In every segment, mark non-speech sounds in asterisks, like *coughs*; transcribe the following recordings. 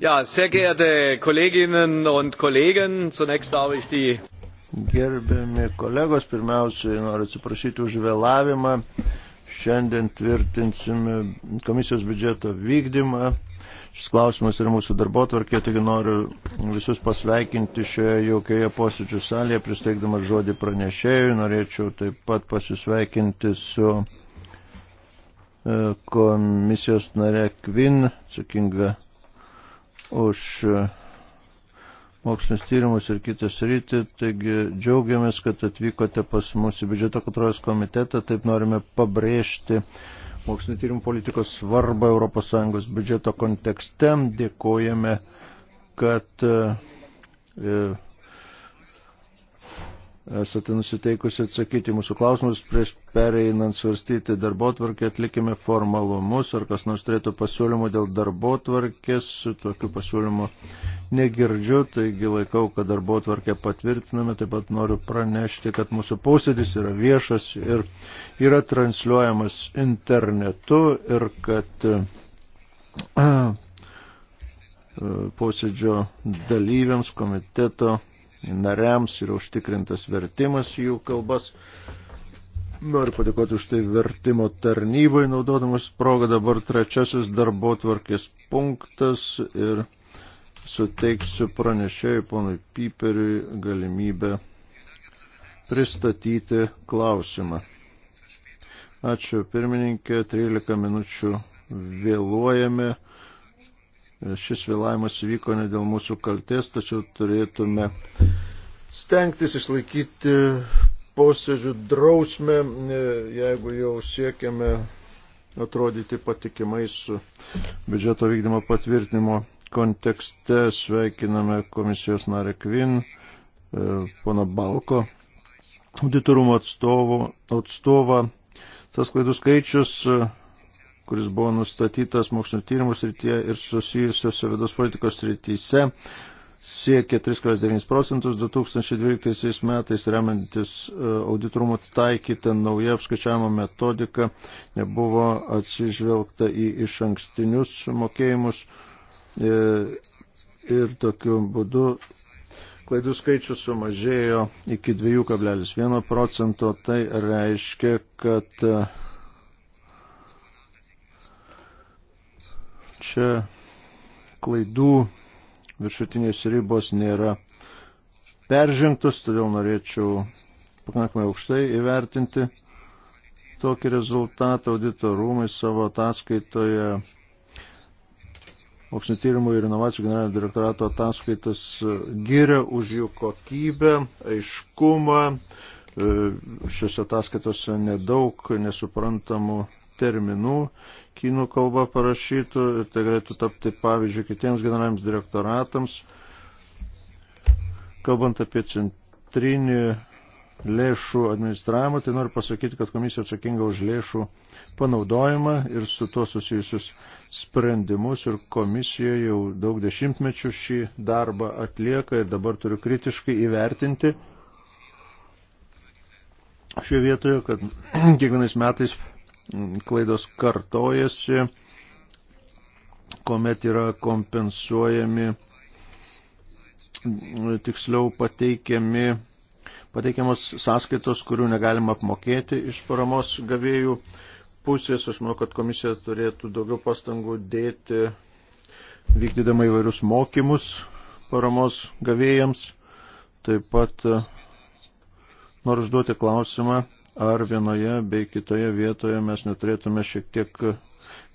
Ja, sehr geehrte Kolleginnen und Kollegen, zunächst darf ich die. Gerbiami kolegos, pirmiausiai noriu atsiprašyti už vėlavimą. Šiandien tvirtinsime komisijos biudžeto vykdymą. Šis klausimas yra mūsų darbo tvarkė, taigi noriu visus pasveikinti šioje jaukioje posėdžių salėje, pristeigdamas žodį pranešėjui. Norėčiau taip pat pasisveikinti su e, komisijos nare Kvin, atsakinga už e, mokslinius tyrimus ir kitas rytį. Taigi džiaugiamės, kad atvykote pas mus į biudžeto kontrolės komitetą. Taip norime pabrėžti mokslinio tyrimų politikos svarbą ES biudžeto kontekste. Dėkojame, kad e, esate nusiteikusi atsakyti mūsų klausimus prieš pereinant svarstyti darbotvarkę, atlikime formalumus, ar kas nors turėtų pasiūlymų dėl darbotvarkės, su tokiu pasiūlymu negirdžiu, taigi laikau, kad darbotvarkę patvirtiname, taip pat noriu pranešti, kad mūsų posėdis yra viešas ir yra transliuojamas internetu ir kad *clears throat* posėdžio dalyviams komiteto nariams yra užtikrintas vertimas jų kalbas. Noriu padėkoti už tai vertimo tarnybai, naudodamas progą dabar trečiasis darbo tvarkės punktas ir suteiksiu pranešėjai ponui Piperiui galimybę pristatyti klausimą. Ačiū pirmininkė, 13 minučių vėluojame. Šis vėlavimas įvyko ne dėl mūsų kalties, tačiau turėtume stengtis išlaikyti posėdžių drausmę, e, jeigu jau siekiame atrodyti patikimais biudžeto vykdymo patvirtinimo kontekste. Sveikiname komisijos narę Kvin, e, pono Balko, auditorumo atstovą. Tas klaidų skaičius kuris buvo nustatytas mokslinio tyrimų srityje ir susijusiuose vidaus politikos srityse, siekia 3,9 procentus 2012 metais remiantis e, auditrumų taikytą naują apskaičiavimo metodiką, nebuvo atsižvelgta į iš ankstinius mokėjimus ir, e, ir tokiu būdu klaidų skaičius sumažėjo iki 2,1 procento. Tai reiškia, kad e, Čia klaidų viršutinės ribos nėra peržengtos, todėl norėčiau pakankamai aukštai įvertinti tokį rezultatą audito rūmai savo ataskaitoje Mokslinio tyrimų ir inovacijų generalinio direktorato ataskaitas giria už jų kokybę, aiškumą. E, Šiuose ataskaitose nedaug nesuprantamų terminų kinų kalba parašytų ir tai galėtų tapti pavyzdžių kitiems generaliniams direktoratams. Kalbant apie centrinį lėšų administravimą, tai noriu pasakyti, kad komisija atsakinga už lėšų panaudojimą ir su tuo susijusius sprendimus ir komisija jau daug dešimtmečių šį darbą atlieka ir dabar turiu kritiškai įvertinti šioje vietoje, kad *clears throat* kiekvienais metais klaidos kartojasi, kuomet yra kompensuojami, tiksliau pateikiami, pateikiamos sąskaitos, kurių negalima apmokėti iš paramos gavėjų pusės. Aš manau, kad komisija turėtų daugiau pastangų dėti, vykdydama įvairius mokymus paramos gavėjams. Taip pat noriu užduoti klausimą ar vienoje bei kitoje vietoje mes neturėtume šiek tiek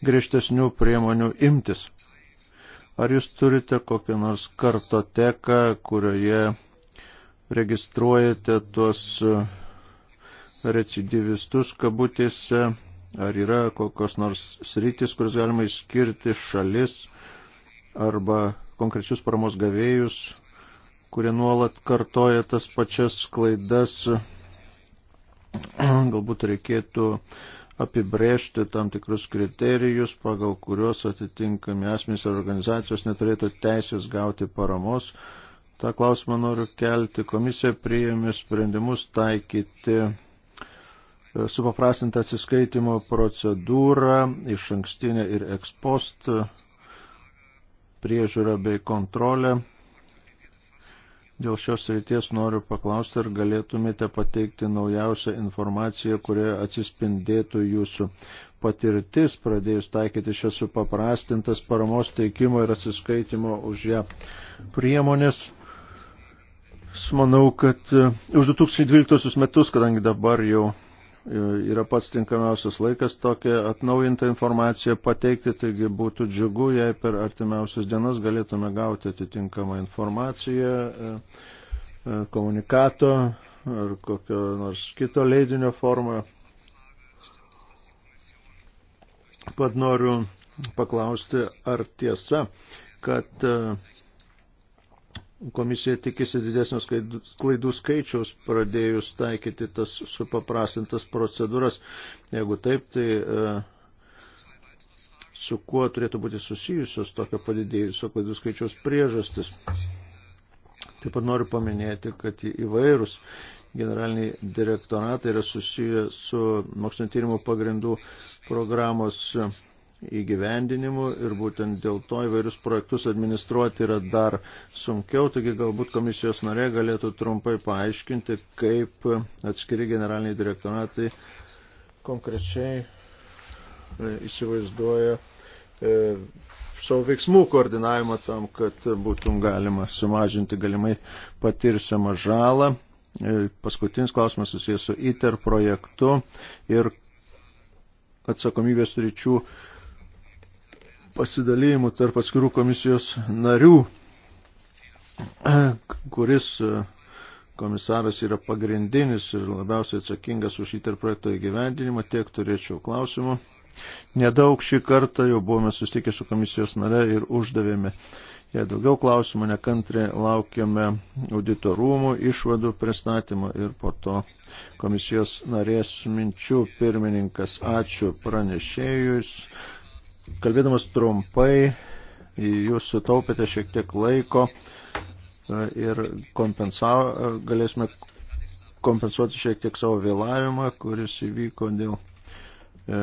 griežtesnių priemonių imtis. Ar jūs turite kokią nors kartoteką, kurioje registruojate tuos recidyvistus kabutėse, ar yra kokios nors sritis, kuris galima išskirti šalis arba konkrečius paramos gavėjus, kurie nuolat kartoja tas pačias klaidas Galbūt reikėtų apibrėžti tam tikrus kriterijus, pagal kuriuos atitinkami asmenys ar organizacijos neturėtų teisės gauti paramos. Ta klausimą noriu kelti. Komisija priėmė sprendimus taikyti e, supaprastintą atsiskaitimo procedūrą, iš ankstinę ir ekspost priežiūrą bei kontrolę Dėl šios ryties noriu paklausti, ar galėtumėte pateikti naujausią informaciją, kurioje atsispindėtų jūsų patirtis, pradėjus taikyti šias supaprastintas paramos teikimo ir atsiskaitimo už ją priemonės. Aš manau, kad e, už 2012 metus, kadangi dabar jau E, yra pats tinkamiausias laikas tokią atnaujintą informaciją pateikti, taigi būtų džiugu, jei per artimiausias dienas galėtume gauti atitinkamą informaciją, e, e, komunikato ar kokio nors kito leidinio formą. Pat noriu paklausti, ar tiesa, kad Komisija tikisi didesnios klaidų skaičiaus pradėjus taikyti tas supaprastintas procedūras. Jeigu taip, tai e, su kuo turėtų būti susijusios tokio padidėjusio klaidų skaičiaus priežastis. Taip pat noriu paminėti, kad įvairūs generaliniai direktoratai yra susiję su mokslinio tyrimo pagrindų programos įgyvendinimu ir būtent dėl to įvairius projektus administruoti yra dar sunkiau, taigi galbūt komisijos norė galėtų trumpai paaiškinti, kaip atskiri generaliniai direktoratai konkrečiai e, įsivaizduoja e, savo veiksmų koordinavimą tam, kad būtų galima sumažinti galimai patirsiamą žalą. E, paskutinis klausimas susijęs su ITER projektu ir atsakomybės ryčių pasidalymų tarp atskirų komisijos narių, kuris e, komisaras yra pagrindinis ir labiausiai atsakingas už interpreto įgyvendinimą, tiek turėčiau klausimų. Nedaug šį kartą jau buvome sustikę su komisijos nare ir uždavėme. Jei daugiau klausimų nekantrė, laukiame auditorumų, išvadų pristatymą ir po to komisijos narės minčių pirmininkas. Ačiū pranešėjus. Kalbėdamas trumpai, jūs sutaupėte šiek tiek laiko e, ir galėsime kompensuoti šiek tiek savo vėlavimą, kuris įvyko dėl e,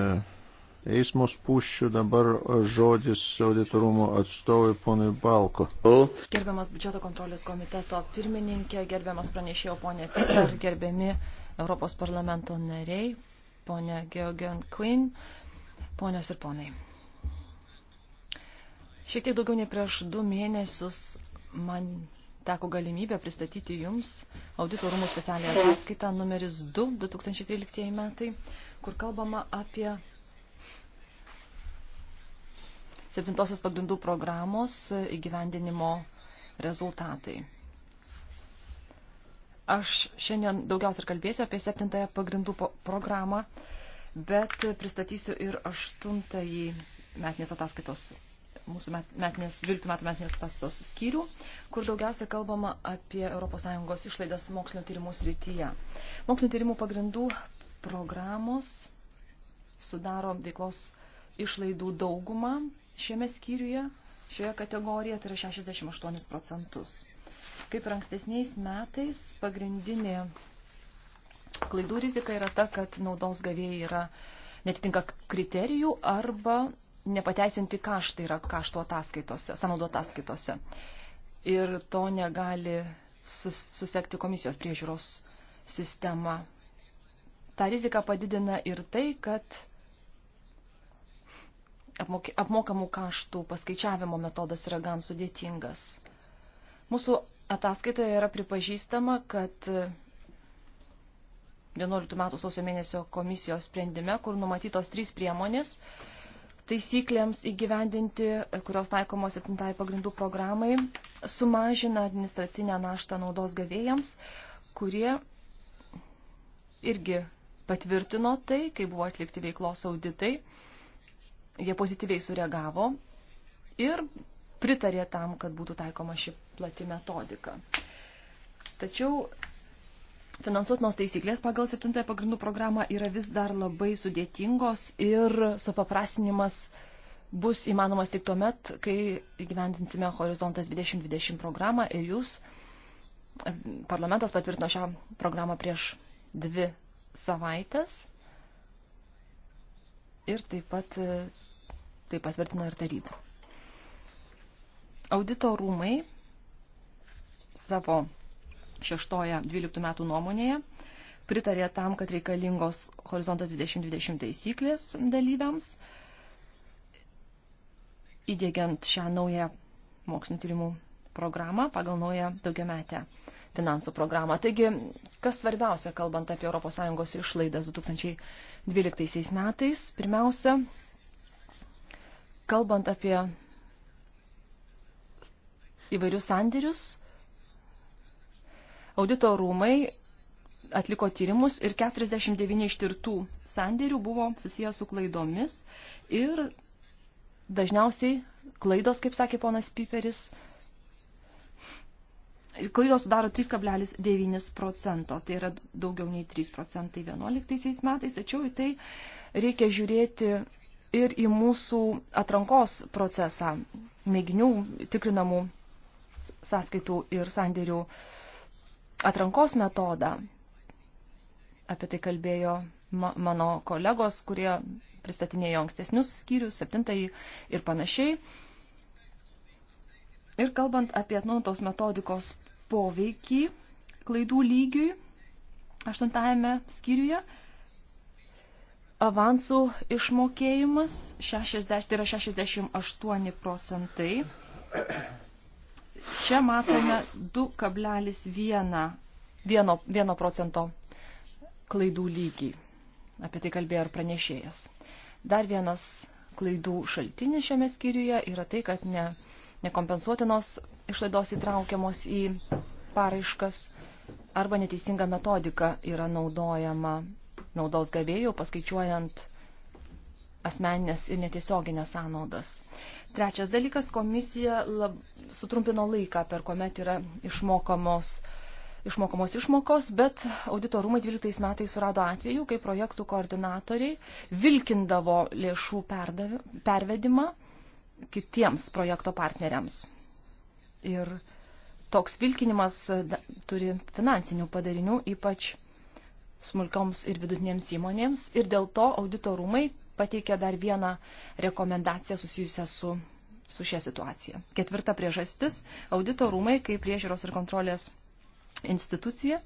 eismo spūščių. Dabar žodis auditorumo atstovui ponui Balko. Gerbiamas biudžeto kontrolės komiteto pirmininkė, gerbiamas pranešėjo ponė Peter, gerbiami Europos parlamento nariai, ponė Georgian Quinn, ponios ir ponai. Šiek tiek daugiau nei prieš du mėnesius man teko galimybę pristatyti Jums audito rūmų specialią ataskaitą numeris 2 2013 metai, kur kalbama apie septintosios pagrindų programos įgyvendinimo rezultatai. Aš šiandien daugiausia kalbėsiu apie septintąją pagrindų programą, bet pristatysiu ir aštuntąjį metinės ataskaitos mūsų metinės, 12 metų metinės pastos skyrių, kur daugiausia kalbama apie ES išlaidas mokslinio tyrimų srityje. Mokslinio tyrimų pagrindų programos sudaro veiklos išlaidų daugumą šiame skyriuje, šioje kategorijoje, tai yra 68 procentus. Kaip ir ankstesniais metais, pagrindinė klaidų rizika yra ta, kad naudos gavėjai yra netitinka kriterijų arba nepateisinti kaštai yra kašto ataskaitose, sąnaudo ataskaitose. Ir to negali sus, susekti komisijos priežiūros sistema. Ta rizika padidina ir tai, kad apmokamų kaštų paskaičiavimo metodas yra gan sudėtingas. Mūsų ataskaitoje yra pripažįstama, kad 11 metų sausio mėnesio komisijos sprendime, kur numatytos trys priemonės, taisyklėms įgyvendinti, kurios taikomos 7 pagrindų programai, sumažina administracinę naštą naudos gavėjams, kurie irgi patvirtino tai, kai buvo atlikti veiklos auditai. Jie pozityviai sureagavo ir pritarė tam, kad būtų taikoma ši plati metodika. Tačiau finansuotinos taisyklės pagal 7 pagrindų programą yra vis dar labai sudėtingos ir supaprastinimas bus įmanomas tik tuo met, kai gyvendinsime Horizontas 2020 programą ir jūs, parlamentas patvirtino šią programą prieš dvi savaitės ir taip pat tai patvirtino ir taryba. Audito rūmai savo šeštoje 12 metų nuomonėje pritarė tam, kad reikalingos horizontas 2020 taisyklės dalyviams, įdėgiant šią naują mokslinio tyrimų programą pagal naują daugiametę finansų programą. Taigi, kas svarbiausia, kalbant apie ES išlaidas 2012 metais, pirmiausia, kalbant apie įvairius sandėrius, Audito rūmai atliko tyrimus ir 49 ištirtų sandėrių buvo susijęs su klaidomis ir dažniausiai klaidos, kaip sakė ponas Piperis, klaidos sudaro 3,9 procento, tai yra daugiau nei 3 procentai 11 metais, tačiau į tai reikia žiūrėti ir į mūsų atrankos procesą mėginių tikrinamų sąskaitų ir sandėrių uh, atrankos metodą. Apie tai kalbėjo mano kolegos, kurie pristatinėjo ankstesnius skyrius, septintąjį ir panašiai. Ir kalbant apie atnauntos metodikos poveikį klaidų lygiui, aštuntajame skyriuje, avansų išmokėjimas 60, tai yra 68 procentai Čia matome 2,1 procento klaidų lygį. Apie tai kalbėjo ir pranešėjas. Dar vienas klaidų šaltinis šiame skyriuje yra tai, kad ne, nekompensuotinos išlaidos įtraukiamos į paraiškas arba neteisinga metodika yra naudojama naudos gavėjų paskaičiuojant asmeninės ir netiesioginės sąnaudas. Trečias dalykas, komisija lab, sutrumpino laiką, per kuomet yra išmokamos, išmokamos išmokos, bet auditorumai 12 metais surado atveju, kai projektų koordinatoriai vilkindavo lėšų perdavi, pervedimą kitiems projekto partneriams. Ir toks vilkinimas turi finansinių padarinių, ypač smulkioms ir vidutinėms įmonėms, ir dėl to auditorumai pateikė dar vieną rekomendaciją susijusią su, su šia situacija. Ketvirta priežastis – audito rūmai, kaip priežiūros ir kontrolės institucija.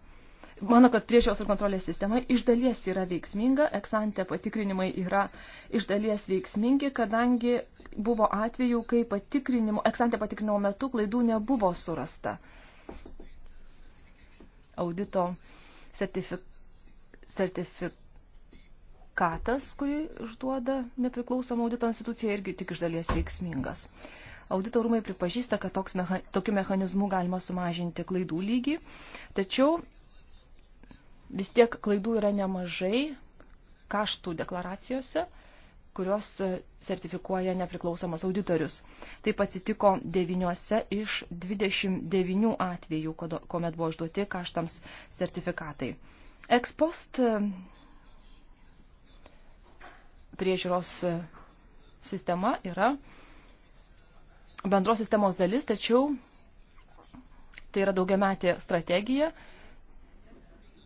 Mano, kad priežiūros ir kontrolės sistema iš dalies yra veiksminga, eksante patikrinimai yra iš dalies veiksmingi, kadangi buvo atvejų, kai patikrinimo, eksante patikrinimo metu klaidų nebuvo surasta. Audito sertifik, sertifik, katas, kurį išduoda nepriklausoma audito institucija, irgi tik iš dalies veiksmingas. Audito rūmai pripažįsta, kad toks meha, tokiu mechanizmu galima sumažinti klaidų lygį, tačiau vis tiek klaidų yra nemažai kaštų deklaracijose, kurios e, sertifikuoja nepriklausomas auditorius. Taip atsitiko 9 iš 29 atvejų, kuomet buvo išduoti kaštams sertifikatai. Ekspost priežiūros sistema yra bendros sistemos dalis, tačiau tai yra daugiametė strategija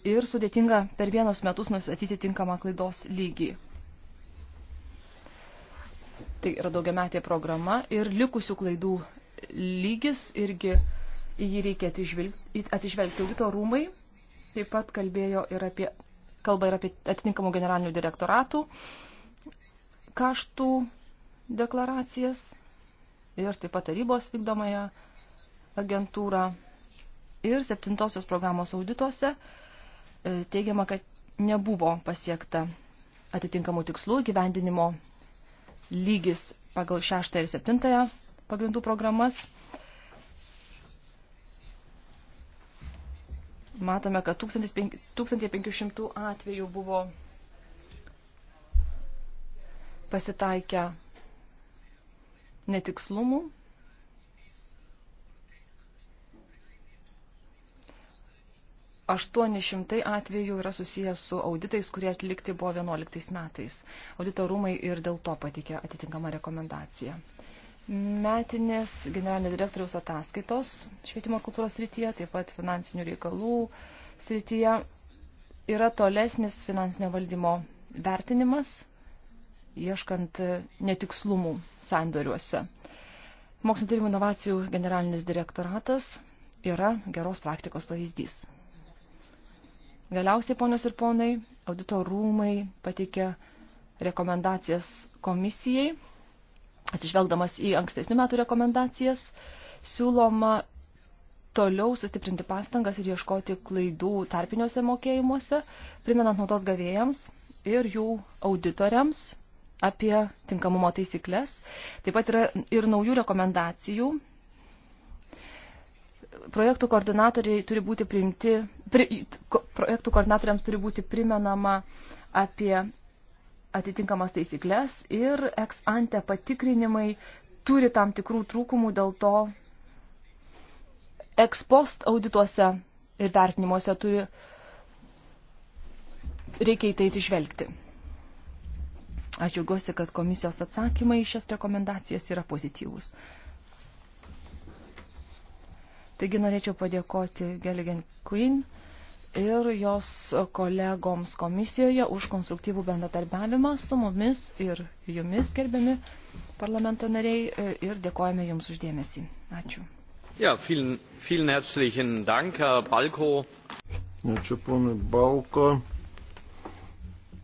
ir sudėtinga per vienos metus nustatyti tinkamą klaidos lygį. Tai yra daugiametė programa ir likusių klaidų lygis irgi į jį reikia atižvelgti, atižvelgti audito rūmai. Taip pat kalbėjo ir apie, kalba ir apie atitinkamų generalinių direktoratų kaštų deklaracijas ir taip pat tarybos vykdomąją agentūrą. Ir septintosios programos audituose e, teigiama, kad nebuvo pasiekta atitinkamų tikslų gyvendinimo lygis pagal šeštą ir septintąją pagrindų programas. Matome, kad 1500 atvejų buvo pasitaikę netikslumų. Aštuoni šimtai atvejų yra susijęs su auditais, kurie atlikti buvo 11 metais. Audito rūmai ir dėl to patikė atitinkamą rekomendaciją. Metinės generalinio direktoriaus ataskaitos švietimo kultūros srityje, taip pat finansinių reikalų srityje yra tolesnis finansinio valdymo vertinimas ieškant e, netikslumų sandoriuose. Mokslinio tyrimų inovacijų generalinis direktoratas yra geros praktikos pavyzdys. Galiausiai, ponios ir ponai, audito rūmai pateikė rekomendacijas komisijai, atsižvelgdamas į ankstesnių metų rekomendacijas, siūloma toliau sustiprinti pastangas ir ieškoti klaidų tarpiniuose mokėjimuose, primenant naudos gavėjams ir jų auditoriams apie tinkamumo taisyklės. Taip pat yra ir naujų rekomendacijų. Projektų koordinatoriai turi būti priimti, pri, projektų koordinatoriams turi būti primenama apie atitinkamas taisyklės ir ex ante patikrinimai turi tam tikrų trūkumų, dėl to ex post audituose ir vertinimuose turi reikia į tai atsižvelgti. Aš džiaugiuosi, kad komisijos atsakymai į šias rekomendacijas yra pozityvūs. Taigi norėčiau padėkoti Geligen Queen ir jos kolegoms komisijoje už konstruktyvų bendradarbiavimą su mumis ir jumis, gerbiami parlamento nariai, ir dėkojame jums uždėmesį. Ačiū. Ja, vielen, vielen herzlichen Dank, Herr Balko. Ačiū, ponui Balko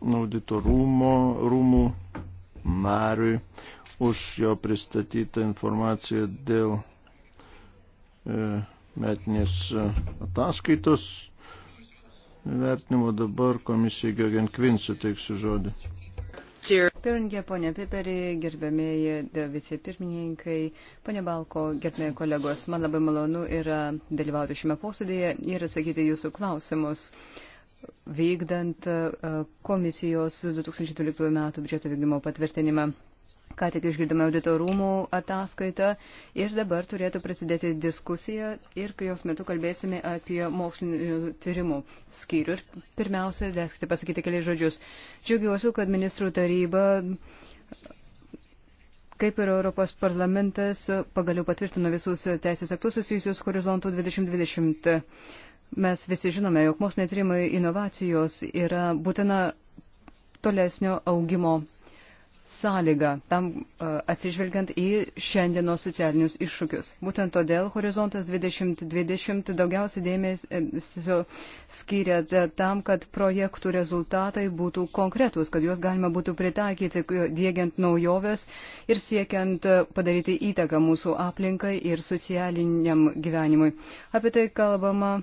audito rūmo, rūmų nariui už jo pristatytą informaciją dėl e, metinės ataskaitos vertinimo. Dabar komisija Giogen Kvin suteiksiu žodį. Pirmininkė, ponė Piperį, gerbėmėjai vicepirmininkai, ponė Balko, gerbėmėjai kolegos, man labai malonu yra dalyvauti šiame posėdėje ir atsakyti jūsų klausimus. Uh, vykdant e, komisijos 2012 metų biudžeto vykdymo patvirtinimą. Ką tik išgirdome auditorumų ataskaitą ir dabar turėtų prasidėti diskusija ir kai jos metu kalbėsime apie mokslinio tyrimų skyrių. Ir pirmiausia, leiskite pasakyti keliais žodžius. Džiaugiuosi, kad ministrų taryba, kaip ir Europos parlamentas, pagaliau patvirtino visus teisės aktus susijusius horizontų 2020. Mes visi žinome, jog moksliniai tyrimai inovacijos yra būtina tolesnio augimo sąlyga, tam e, atsižvelgiant į šiandienos socialinius iššūkius. Būtent todėl Horizontas 2020 daugiausiai dėmesio skiria tam, kad projektų rezultatai būtų konkretūs, kad juos galima būtų pritaikyti, dėgiant naujoves ir siekiant e, padaryti įtaką mūsų aplinkai ir socialiniam gyvenimui. Apie tai kalbama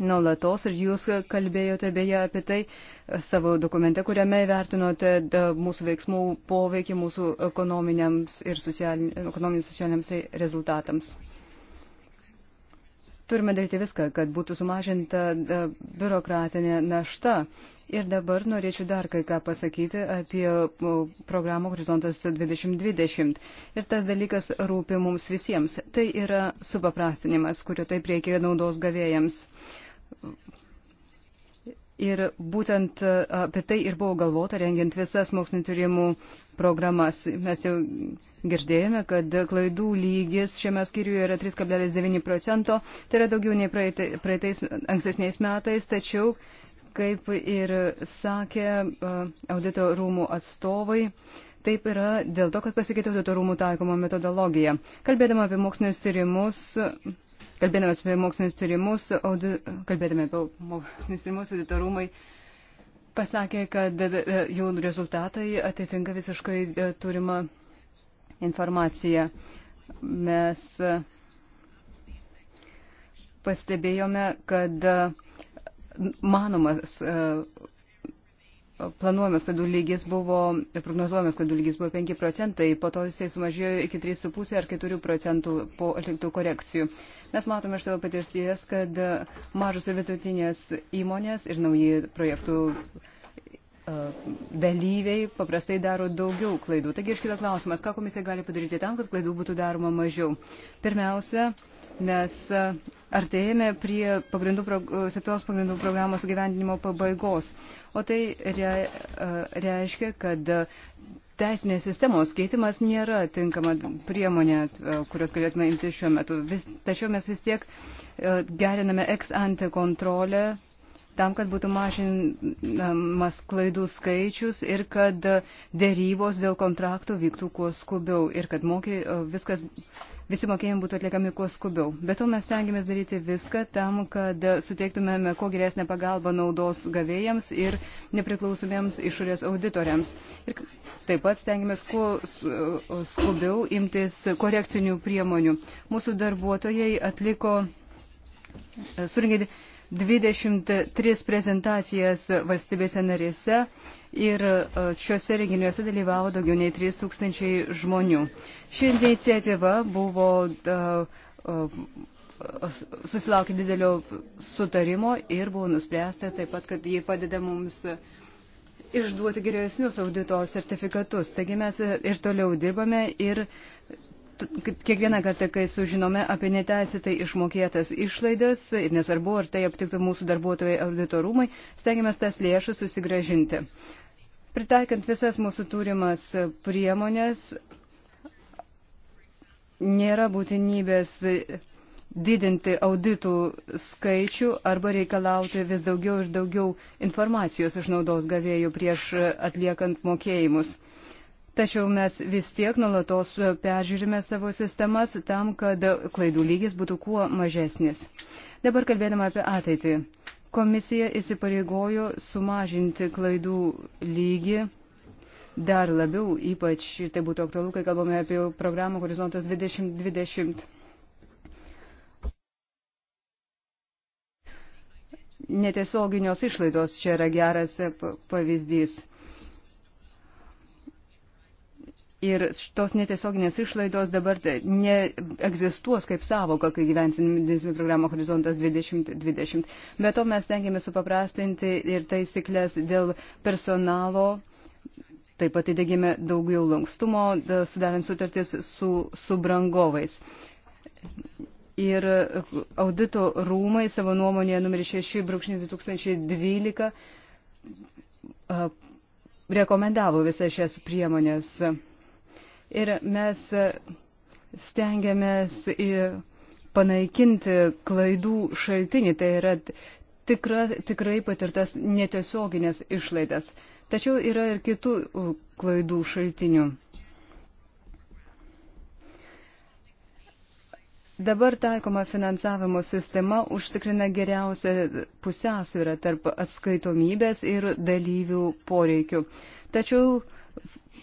nuolatos ir jūs kalbėjote beje apie tai savo dokumente, kuriame vertinote mūsų veiksmų poveikį mūsų ekonominiams ir socialiniams, ekonominiams socialiniams rezultatams. Turime daryti viską, kad būtų sumažinta biurokratinė našta. Ir dabar norėčiau dar kai ką pasakyti apie programą Horizontas 2020. Ir tas dalykas rūpi mums visiems. Tai yra supaprastinimas, kurio taip reikia naudos gavėjams. Ir būtent e, apie tai ir buvo galvota, rengiant visas mokslinio tyrimų programas. Mes jau girdėjome, kad klaidų lygis šiame skyriuje yra 3,9 procento, tai yra daugiau nei praeitais, praeitais ankstesniais metais, tačiau, kaip ir sakė e, audito rūmų atstovai, Taip yra dėl to, kad pasikeitė audito rūmų taikoma metodologija. Kalbėdama apie mokslinius tyrimus, kalbėdamas apie mokslinius tyrimus, audi, kalbėdami apie mokslinius tyrimus, auditorumai pasakė, kad e, jų rezultatai atitinka visiškai e, turimą informaciją. Mes e, pastebėjome, kad manomas planuojamas klaidų lygis buvo, prognozuojamas klaidų lygis buvo 5 procentai, po to jisai sumažėjo iki 3,5 ar 4 procentų po atliktų korekcijų. Mes matome iš savo patirties, kad mažos ir vidutinės įmonės ir nauji projektų e, dalyviai paprastai daro daugiau klaidų. Taigi iškila klausimas, ką komisija gali padaryti tam, kad klaidų būtų daroma mažiau. Pirmiausia, nes e, artėjame prie pagrindų, e, septynos pagrindų programos gyvendinimo pabaigos. O tai re, e, reiškia, kad teisinės sistemos keitimas nėra tinkama priemonė, kurios galėtume imti šiuo metu. Vis, tačiau mes vis tiek geriname ex ante kontrolę tam, kad būtų mažinamas klaidų skaičius ir kad dėrybos dėl kontraktų vyktų kuo skubiau ir kad mokė, viskas visi mokėjimai būtų atliekami kuo skubiau. Bet to mes tengiamės daryti viską tam, kad suteiktumėme kuo geresnę pagalbą naudos gavėjams ir nepriklausomiems išorės auditoriams. Ir taip pat stengiamės kuo skubiau imtis korekcinių priemonių. Mūsų darbuotojai atliko, surinkė 23 prezentacijas valstybėse narėse ir e, šiuose renginiuose dalyvavo daugiau nei 3000 žmonių. Ši iniciatyva buvo e, e, susilaukė didelio sutarimo ir buvo nuspręsta taip pat, kad jie padeda mums išduoti geresnius audito sertifikatus. Taigi mes ir toliau dirbame ir uh, kiekvieną kartą, kai sužinome apie neteisėtai išmokėtas išlaidas, ir nesvarbu, ar tai aptiktų mūsų darbuotojai auditorumai, stengiamės tas lėšas susigražinti. Pritaikant visas mūsų turimas priemonės, nėra būtinybės didinti auditų skaičių arba reikalauti vis daugiau ir daugiau informacijos iš naudos gavėjų prieš atliekant mokėjimus tačiau mes vis tiek nuolatos peržiūrime savo sistemas tam, kad klaidų lygis būtų kuo mažesnis. Dabar kalbėdama apie ateitį. Komisija įsipareigojo sumažinti klaidų lygį dar labiau, ypač tai būtų aktualu, kai kalbame apie programą Horizontas 2020. Netiesioginės išlaidos čia yra geras pavyzdys. Ir tos netiesioginės išlaidos dabar neegzistuos kaip savoka, kai gyvensim programą Horizontas 2020. Be to mes tengiame supaprastinti ir taisyklės dėl personalo. Taip pat įdėgėme daugiau lankstumo, sudarant sutartis su, su brangovais. Ir audito rūmai savo nuomonėje numeris 6.2012 rekomendavo visas šias priemonės ir mes stengiamės panaikinti klaidų šaltinį, tai yra tikra, tikrai patirtas netiesioginės išlaidas. Tačiau yra ir kitų klaidų šaltinių. Dabar taikoma finansavimo sistema užtikrina geriausią pusiausvyrą tarp atskaitomybės ir dalyvių poreikių. Tačiau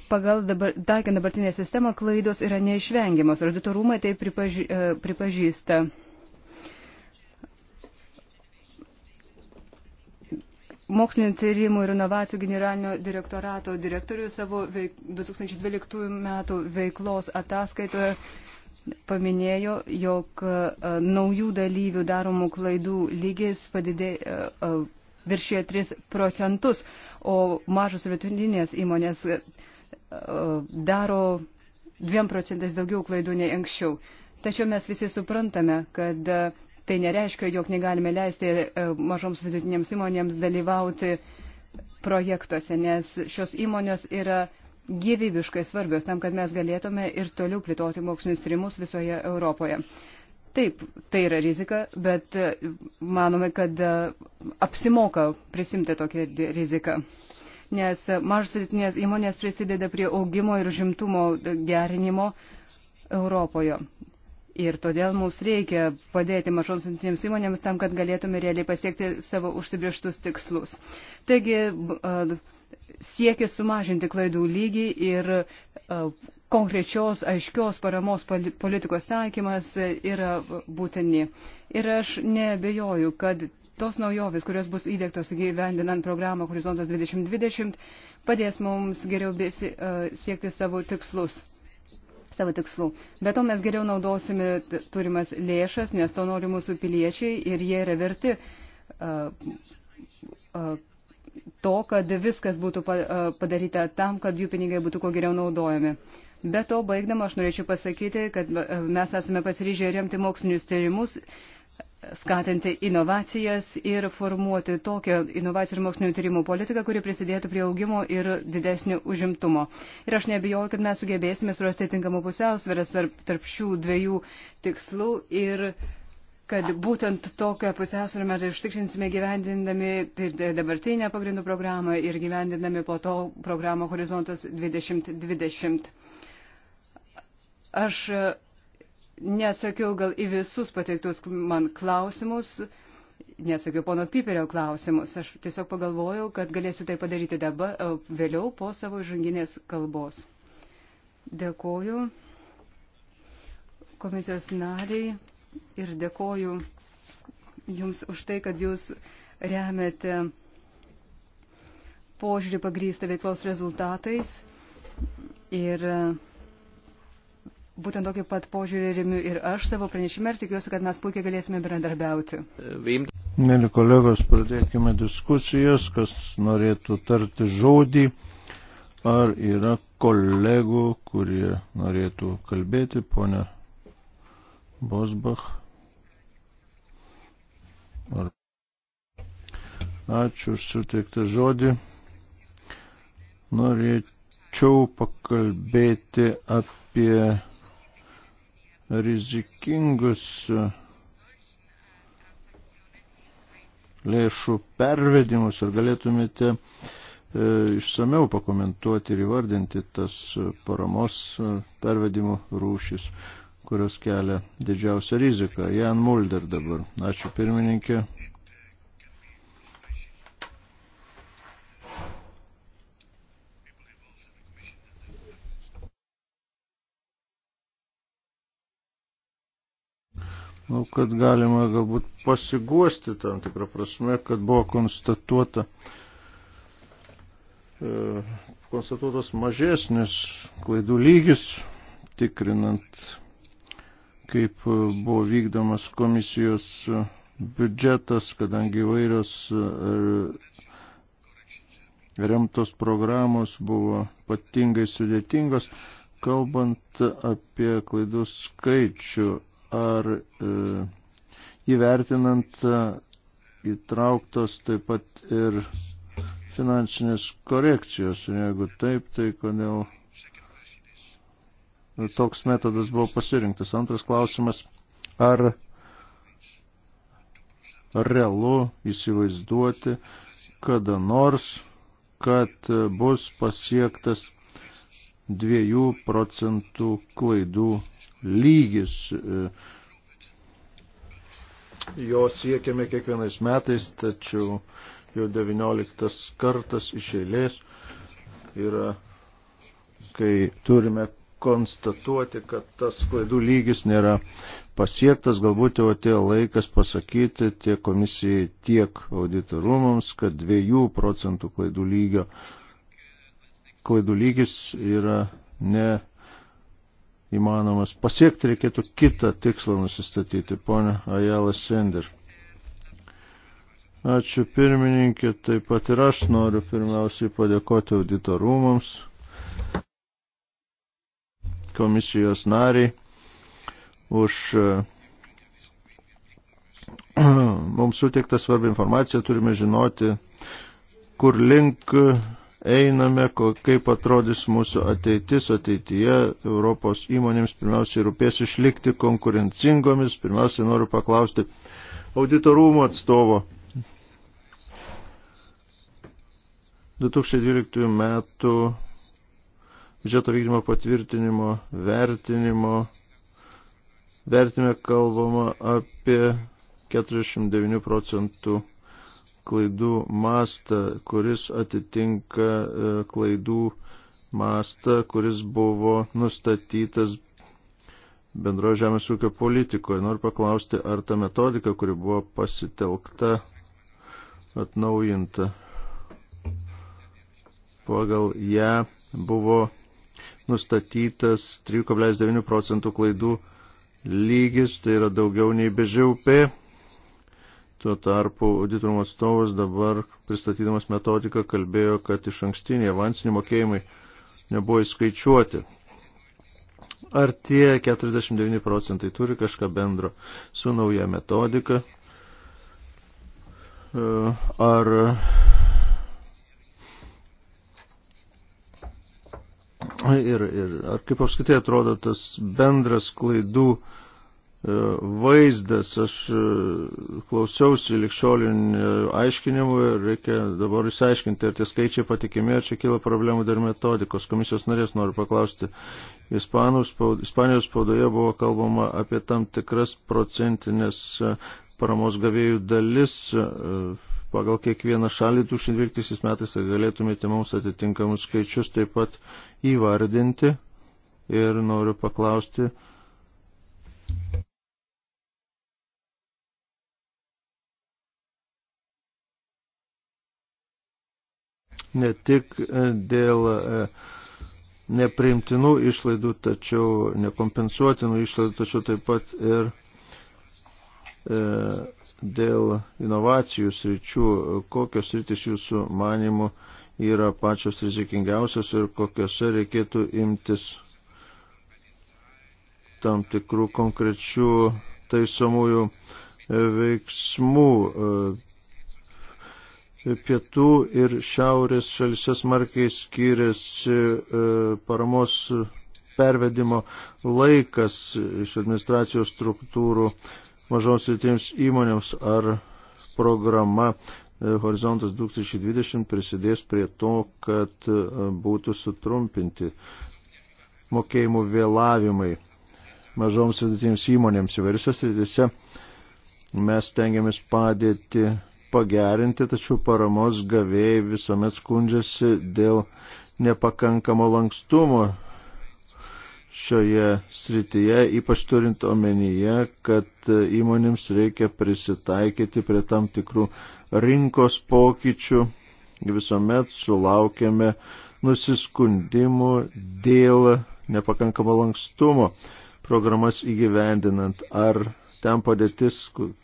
pagal dabar, taikant dabartinę sistemą klaidos yra neišvengiamos. Auditorumai tai pripaži, e, pripažįsta. Mokslinio tyrimų ir inovacijų generalinio direktorato direktorių savo 2012 metų veiklos ataskaitoje paminėjo, jog e, naujų dalyvių daromų klaidų lygis padidė, e, viršė 3 procentus, o mažos ir vidutinės įmonės daro dviem procentais daugiau klaidų nei anksčiau. Tačiau mes visi suprantame, kad e, tai nereiškia, jog negalime leisti e, mažoms vidutinėms įmonėms dalyvauti projektuose, nes šios įmonės yra gyvybiškai svarbios tam, kad mes galėtume ir toliau plėtoti mokslinius tyrimus visoje Europoje. Taip, tai yra rizika, bet e, manome, kad apsimoka prisimti tokią riziką nes mažos vidutinės įmonės prisideda prie augimo ir žimtumo gerinimo Europoje. Ir todėl mums reikia padėti mažoms vidutinėms įmonėms tam, kad galėtume realiai pasiekti savo užsibrieštus tikslus. Taigi siekia sumažinti klaidų lygį ir konkrečios, aiškios paramos politikos taikymas yra būtini. Ir aš nebejoju, kad tos naujovės, kurios bus įdėktos gyvendinant programą Horizontas 2020, padės mums geriau besi, uh, siekti savo tikslus. Savo tikslų. Be to mes geriau naudosime turimas lėšas, nes to nori mūsų piliečiai ir jie yra verti uh, uh, to, kad viskas būtų padaryta tam, kad jų pinigai būtų kuo geriau naudojami. Be to, baigdama, aš norėčiau pasakyti, kad mes esame pasiryžę remti mokslinius tyrimus skatinti inovacijas ir formuoti tokią inovacijų ir mokslinio tyrimų politiką, kuri prisidėtų prie augimo ir didesnio užimtumo. Ir aš nebijoju, kad mes sugebėsime surasti tinkamą pusiausvėrę tarp šių dviejų tikslų ir kad būtent tokią pusiausvėrę mes ištikrinsime gyvendindami dabartinę pagrindų programą ir gyvendindami po to programą Horizontas 2020. Aš neatsakiau gal į visus pateiktus man klausimus, nesakiau pono Piperio klausimus. Aš tiesiog pagalvojau, kad galėsiu tai padaryti dabar, vėliau po savo žanginės kalbos. Dėkoju komisijos nariai ir dėkoju Jums už tai, kad Jūs remiate požiūrį pagrįstą veiklos rezultatais ir uh, būtent tokį pat požiūrį remiu ir aš savo pranešime ir tikiuosi, kad mes puikiai galėsime bendradarbiauti. Mėly kolegos, pradėkime diskusijas, kas norėtų tarti žodį. Ar yra kolegų, kurie norėtų kalbėti, ponia Bosbach? Ar... Ačiū už suteiktą žodį. Norėčiau pakalbėti apie rizikingus lėšų pervedimus, ar galėtumėte e, išsameu pakomentuoti ir įvardinti tas paramos pervedimų rūšis, kurios kelia didžiausią riziką. Jan Mulder dabar. Ačiū pirmininkė. Manau, kad galima galbūt pasiguosti tam tikrą prasme, kad buvo konstatuota, e, konstatuotas mažesnis klaidų lygis, tikrinant, kaip buvo vykdomas komisijos biudžetas, kadangi vairios e, remtos programos buvo patingai sudėtingos, kalbant apie klaidų skaičių ar e, įvertinant e, įtrauktos taip pat ir finansinės korekcijos. Ir jeigu taip, tai kodėl toks metodas buvo pasirinktas. Antras klausimas, ar realu įsivaizduoti kada nors, kad bus pasiektas 2 procentų klaidų lygis. Jo siekiame kiekvienais metais, tačiau jau 19 kartas iš eilės yra, kai turime konstatuoti, kad tas klaidų lygis nėra pasiektas, galbūt jau atėjo laikas pasakyti tiek komisijai, tiek auditorumams, kad 2 procentų klaidų lygio klaidų lygis yra neįmanomas. Pasiekti reikėtų kitą tikslą nusistatyti, ponia Ajala Sender. Ačiū pirmininkė, taip pat ir aš noriu pirmiausiai padėkoti auditorumams, komisijos nariai už *clears throat* mums suteiktą svarbią informaciją, turime žinoti, kur link einame, kaip atrodys mūsų ateitis ateityje. Europos įmonėms pirmiausiai rūpės išlikti konkurencingomis. Pirmiausiai noriu paklausti auditorumo atstovo. 2012 metų biudžeto vykdymo patvirtinimo vertinimo vertime kalbama apie 49 procentų klaidų mastą, kuris atitinka e, klaidų mastą, kuris buvo nustatytas bendro žemės ūkio politikoje. Noriu paklausti, ar ta metodika, kuri buvo pasitelkta, atnaujinta, pagal ją buvo nustatytas 3,9 procentų klaidų lygis, tai yra daugiau nei BŽUP. Tuo tarpu auditorumo atstovas dabar pristatydamas metodiką kalbėjo, kad iš ankstiniai avansiniai mokėjimai nebuvo įskaičiuoti. Ar tie 49 procentai turi kažką bendro su nauja metodika? E, ar ir, ir ar kaip apskaitai atrodo tas bendras klaidų E, vaizdas. Aš e, klausiausi likščiolinių e, aiškinimų ir reikia dabar išsiaiškinti, ar tie skaičiai patikimi, ar čia kyla problemų dar metodikos. Komisijos narės noriu paklausti. Spaud, Ispanijos spaudoje buvo kalbama apie tam tikras procentinės paramos gavėjų dalis pagal kiekvieną šalį 2012 metais, ar galėtumėte mums atitinkamus skaičius taip pat įvardinti ir noriu paklausti, ne tik e, dėl e, nepriimtinų išlaidų, tačiau nekompensuotinų išlaidų, tačiau taip pat ir e, dėl inovacijų sričių, kokios sritis jūsų manimų yra pačios rizikingiausios ir kokiose reikėtų imtis tam tikrų konkrečių taisomųjų veiksmų pietų ir šiaurės šalise smarkiai skiriasi e, paramos pervedimo laikas iš administracijos struktūrų mažoms ir tiems įmonėms ar programa e, Horizontas 2020 prisidės prie to, kad e, būtų sutrumpinti mokėjimų vėlavimai mažoms ir tiems įmonėms įvairiose srityse. Mes tengiamės padėti pagerinti, tačiau paramos gavėjai visuomet skundžiasi dėl nepakankamo lankstumo šioje srityje, ypač turint omenyje, kad įmonėms reikia prisitaikyti prie tam tikrų rinkos pokyčių. Visuomet sulaukėme nusiskundimų dėl nepakankamo lankstumo programas įgyvendinant ar ten padėtis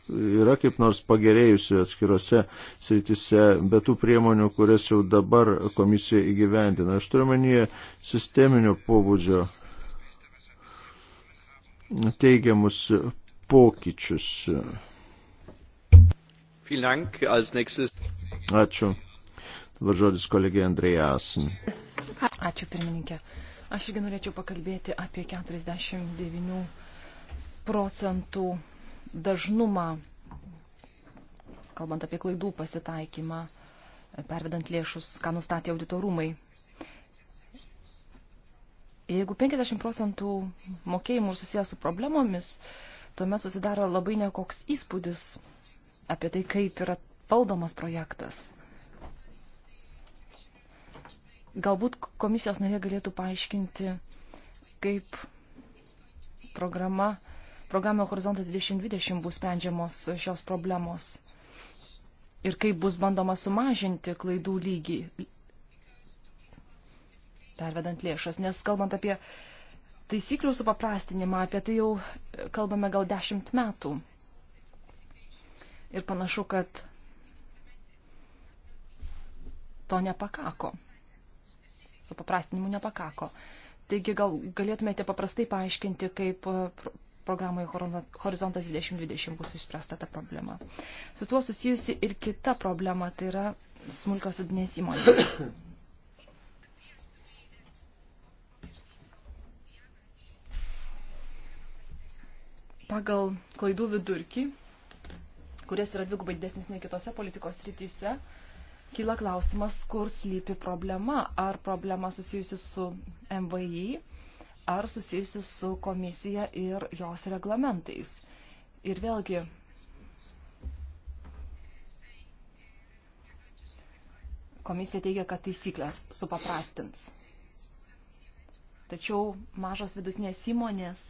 yra kaip nors pagerėjusi atskirose sritise, bet tų priemonių, kurias jau dabar komisija įgyvendina. Aš turiu manyje sisteminio pobūdžio teigiamus pokyčius. Ačiū. Dabar žodis kolegė Andrėja Asin. Ačiū pirmininkė. Aš irgi norėčiau pakalbėti apie 49 procentų dažnumą, kalbant apie klaidų pasitaikymą, pervedant lėšus, ką nustatė auditorumai. Jeigu 50 procentų mokėjimų susijęs su problemomis, tuomet susidaro labai nekoks įspūdis apie tai, kaip yra valdomas projektas. Galbūt komisijos narė galėtų paaiškinti, kaip programa programą Horizontas 2020 bus sprendžiamos šios problemos ir kaip bus bandoma sumažinti klaidų lygį, pervedant lėšas. Nes kalbant apie taisyklių supaprastinimą, apie tai jau kalbame gal dešimt metų. Ir panašu, kad to nepakako. Supaprastinimų nepakako. Taigi gal galėtumėte paprastai paaiškinti, kaip programoje Horizontas 2020 bus išspręsta ta problema. Su tuo susijusi ir kita problema, tai yra smulkios vidinės įmonės. Pagal klaidų vidurkį, kurias yra dvigubai didesnis nei kitose politikos rytise, kyla klausimas, kur slypi problema. Ar problema susijusi su MVI, ar susijusių su komisija ir jos reglamentais. Ir vėlgi, komisija teigia, kad taisyklės supaprastins. Tačiau mažos vidutinės įmonės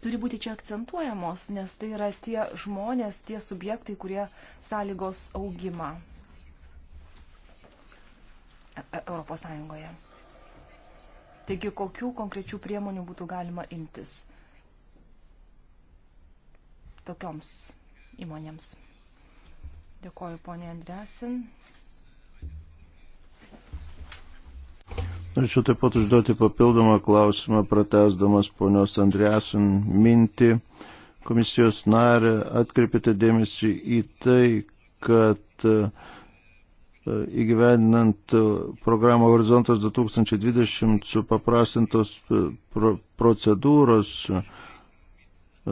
turi būti čia akcentuojamos, nes tai yra tie žmonės, tie subjektai, kurie sąlygos augimą e- e- Europos Sąjungoje. Taigi, kokių konkrečių priemonių būtų galima imtis tokioms įmonėms? Dėkoju, ponė Andresin. Norėčiau taip pat užduoti papildomą klausimą, pratesdamas ponios Andresin mintį. Komisijos narė atkreipėte dėmesį į tai, kad uh, įgyvendinant programą Horizontas 2020 su paprastintos e, procedūros e,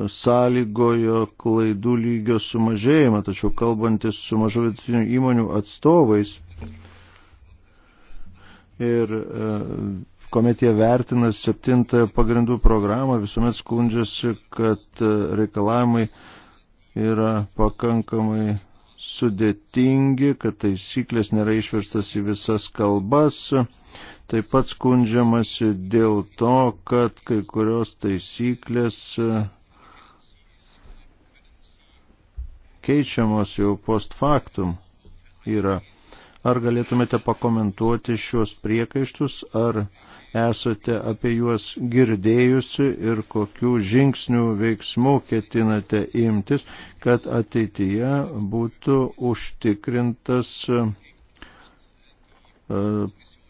sąlygojo klaidų lygio sumažėjimą, tačiau kalbantis su mažų vidutinių įmonių atstovais ir e, kuomet jie vertina septintąją pagrindų programą, visuomet skundžiasi, kad reikalavimai yra pakankamai sudėtingi, kad taisyklės nėra išverstas į visas kalbas. Taip pat skundžiamasi dėl to, kad kai kurios taisyklės e, keičiamos jau post factum yra. Ar galėtumėte pakomentuoti šios priekaištus, ar esate apie juos girdėjusi ir kokių žingsnių veiksmų ketinate imtis, kad ateityje būtų užtikrintas e,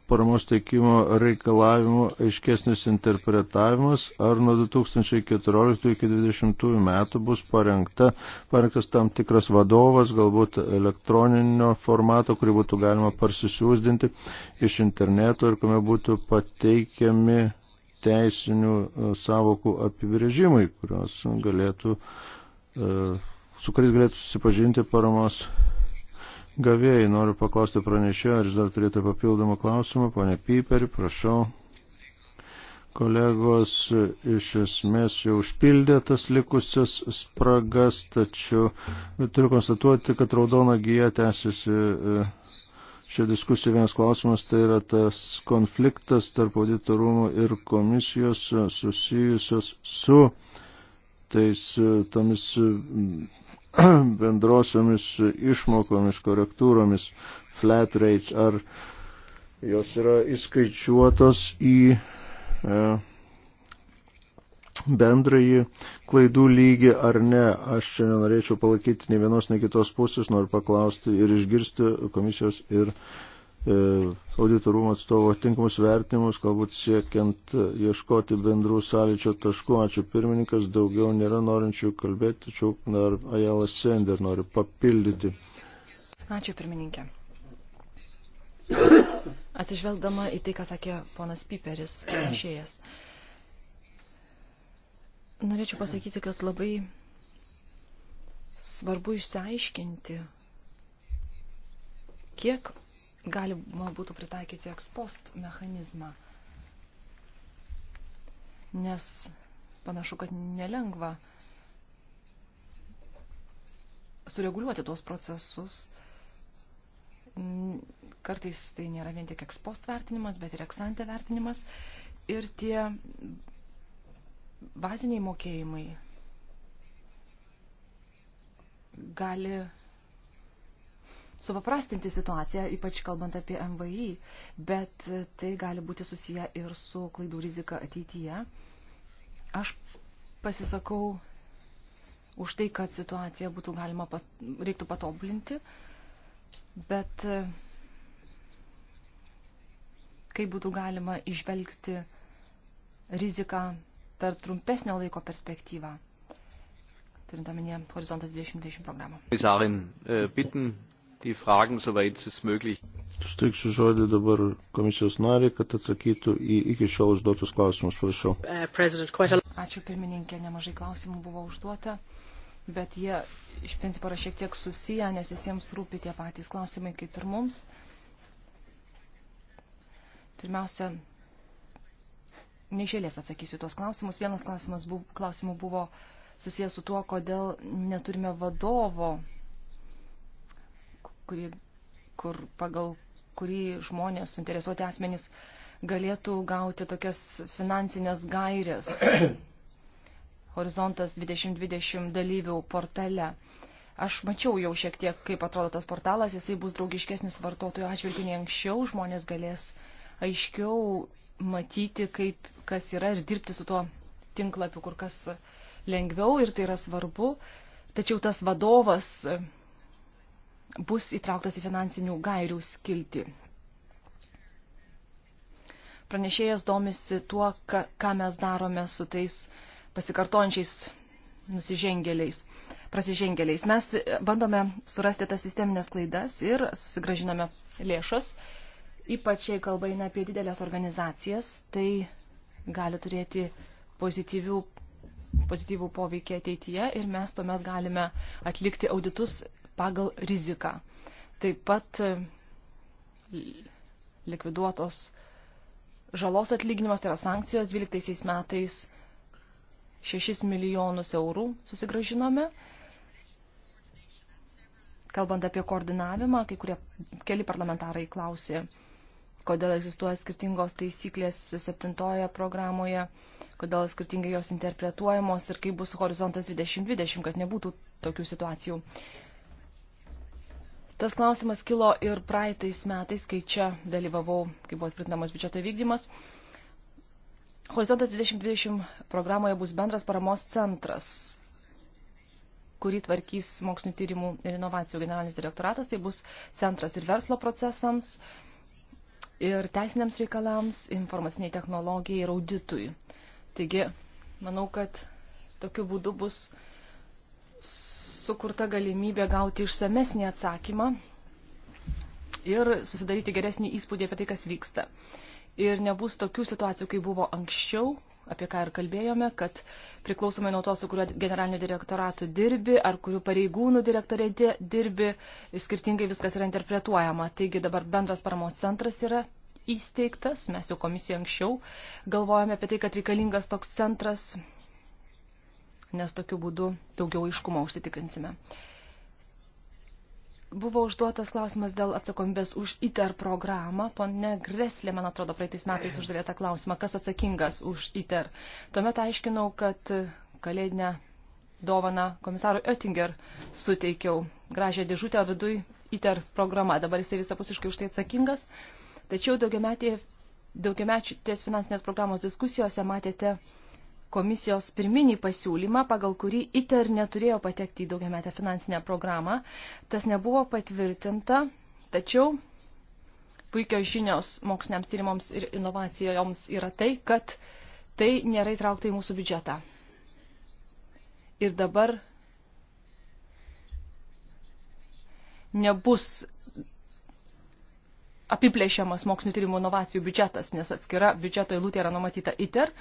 paramos teikimo reikalavimų aiškesnis interpretavimas, ar nuo 2014 iki 2020 metų bus parengta, parengtas tam tikras vadovas, galbūt elektroninio formato, kurį būtų galima parsisiūsdinti iš interneto ir kuomet būtų pateikiami teisinių e, savokų apibrėžimai, kurios galėtų, e, su kuriais galėtų susipažinti paramos gavėjai. Noriu paklausti pranešėjo, ar jis dar turėtų papildomą klausimą. Pone Piperi, prašau. Kolegos iš esmės jau užpildė tas likusias spragas, tačiau turiu konstatuoti, kad raudona gyja tęsiasi e, šią diskusiją vienas klausimas, tai yra tas konfliktas tarp auditorumų ir komisijos e, susijusios su tais e, tomis *clears throat* bendrosiomis išmokomis, korektūromis, flat rates, ar jos yra įskaičiuotos į e, bendrąjį klaidų lygį ar ne. Aš čia nenorėčiau palaikyti nei vienos, nei kitos pusės, noriu paklausti ir išgirsti komisijos ir E, auditorumo atstovo tinkamus vertimus, galbūt siekiant ieškoti bendrų sąlyčio taškų. Ačiū pirmininkas, daugiau nėra norinčių kalbėti, tačiau dar Ajalas Sender nori papildyti. Ačiū pirmininkė. Atsižvelgdama į tai, ką sakė ponas Piperis, išėjęs. Norėčiau pasakyti, kad labai svarbu išsiaiškinti, kiek galima būtų pritaikyti ekspost mechanizmą. Nes panašu, kad nelengva sureguliuoti tuos procesus. Kartais tai nėra vien tik ekspost vertinimas, bet ir eksante vertinimas. Ir tie baziniai mokėjimai gali supaprastinti situaciją, ypač kalbant apie MVI, bet tai gali būti susiję ir su klaidų rizika ateityje. Aš pasisakau už tai, kad situaciją būtų galima pat, reiktų patobulinti, bet kaip būtų galima išvelgti riziką per trumpesnio laiko perspektyvą, turint omenyje Horizontas 2020 programą. Komisarin, e, bitten die Fragen, soweit es möglich. Suteiksiu žodį dabar komisijos nariai, kad atsakytų į iki šiol užduotus klausimus, prašau. Uh, Ačiū pirmininkė, nemažai klausimų buvo užduota, bet jie iš principo yra šiek tiek susiję, nes visiems rūpi tie patys klausimai kaip ir mums. Pirmiausia, neišėlės atsakysiu tuos klausimus. Vienas klausimas buvo, klausimų buvo susijęs su tuo, kodėl neturime vadovo kurį, kur, pagal kurį žmonės, suinteresuoti asmenys galėtų gauti tokias finansinės gairės *coughs* Horizontas 2020 dalyvių portale. Aš mačiau jau šiek tiek, kaip atrodo tas portalas, jisai bus draugiškesnis vartotojų atžvilgiu nei anksčiau, žmonės galės aiškiau matyti, kaip, kas yra ir dirbti su tuo tinklapiu kur kas lengviau ir tai yra svarbu. Tačiau tas vadovas bus įtrauktas į finansinių gairių skilti. Pranešėjas domisi tuo, ką mes darome su tais pasikartojančiais nusižengėliais, prasižengėliais. Mes bandome surasti tas sisteminės klaidas ir susigražiname lėšas, ypač jei kalba eina apie didelės organizacijas, tai gali turėti pozityvių, pozityvų poveikį ateityje ir mes tuomet galime atlikti auditus pagal riziką. Taip pat e, likviduotos žalos atlyginimas, tai yra sankcijos, 12 metais 6 milijonus eurų susigražinome. Kalbant apie koordinavimą, kai kurie keli parlamentarai klausė, kodėl egzistuoja skirtingos taisyklės septintoje programoje, kodėl skirtingai jos interpretuojamos ir kaip bus horizontas 2020, kad nebūtų tokių situacijų. Tas klausimas kilo ir praeitais metais, kai čia dalyvavau, kai buvo sprintinamas biudžeto vykdymas. Horizontas 2020 programoje bus bendras paramos centras, kurį tvarkys mokslinio tyrimų ir inovacijų generalinis direktoratas. Tai bus centras ir verslo procesams, ir teisiniams reikalams, informaciniai technologijai ir auditui. Taigi, manau, kad tokiu būdu bus sukurta galimybė gauti išsamesnį atsakymą ir susidaryti geresnį įspūdį apie tai, kas vyksta. Ir nebus tokių situacijų, kai buvo anksčiau, apie ką ir kalbėjome, kad priklausomai nuo to, su kuriuo generaliniu direktoratu dirbi ar kurių pareigūnų direktorė dirbi, skirtingai viskas yra interpretuojama. Taigi dabar bendras paramos centras yra įsteigtas, mes jau komisija anksčiau galvojame apie tai, kad reikalingas toks centras nes tokiu būdu daugiau aiškumo užsitikrinsime. Buvo užduotas klausimas dėl atsakomybės už ITER programą. Pone Greslė, man atrodo, praeitais metais uždavė tą klausimą, kas atsakingas už ITER. Tuomet aiškinau, kad kalėdinę dovaną komisarui Oettinger suteikiau gražią dėžutę vidui ITER programa. Dabar jisai visapusiškai už tai atsakingas. Tačiau daugiametės finansinės programos diskusijose matėte komisijos pirminį pasiūlymą, pagal kurį ITER neturėjo patekti į daugiametę finansinę programą. Tas nebuvo patvirtinta, tačiau puikios žinios moksliniams tyrimams ir inovacijoms yra tai, kad tai nėra įtraukta į mūsų biudžetą. Ir dabar nebus apiplėšiamas mokslinio tyrimų inovacijų biudžetas, nes atskira biudžeto eilutė yra numatyta ITER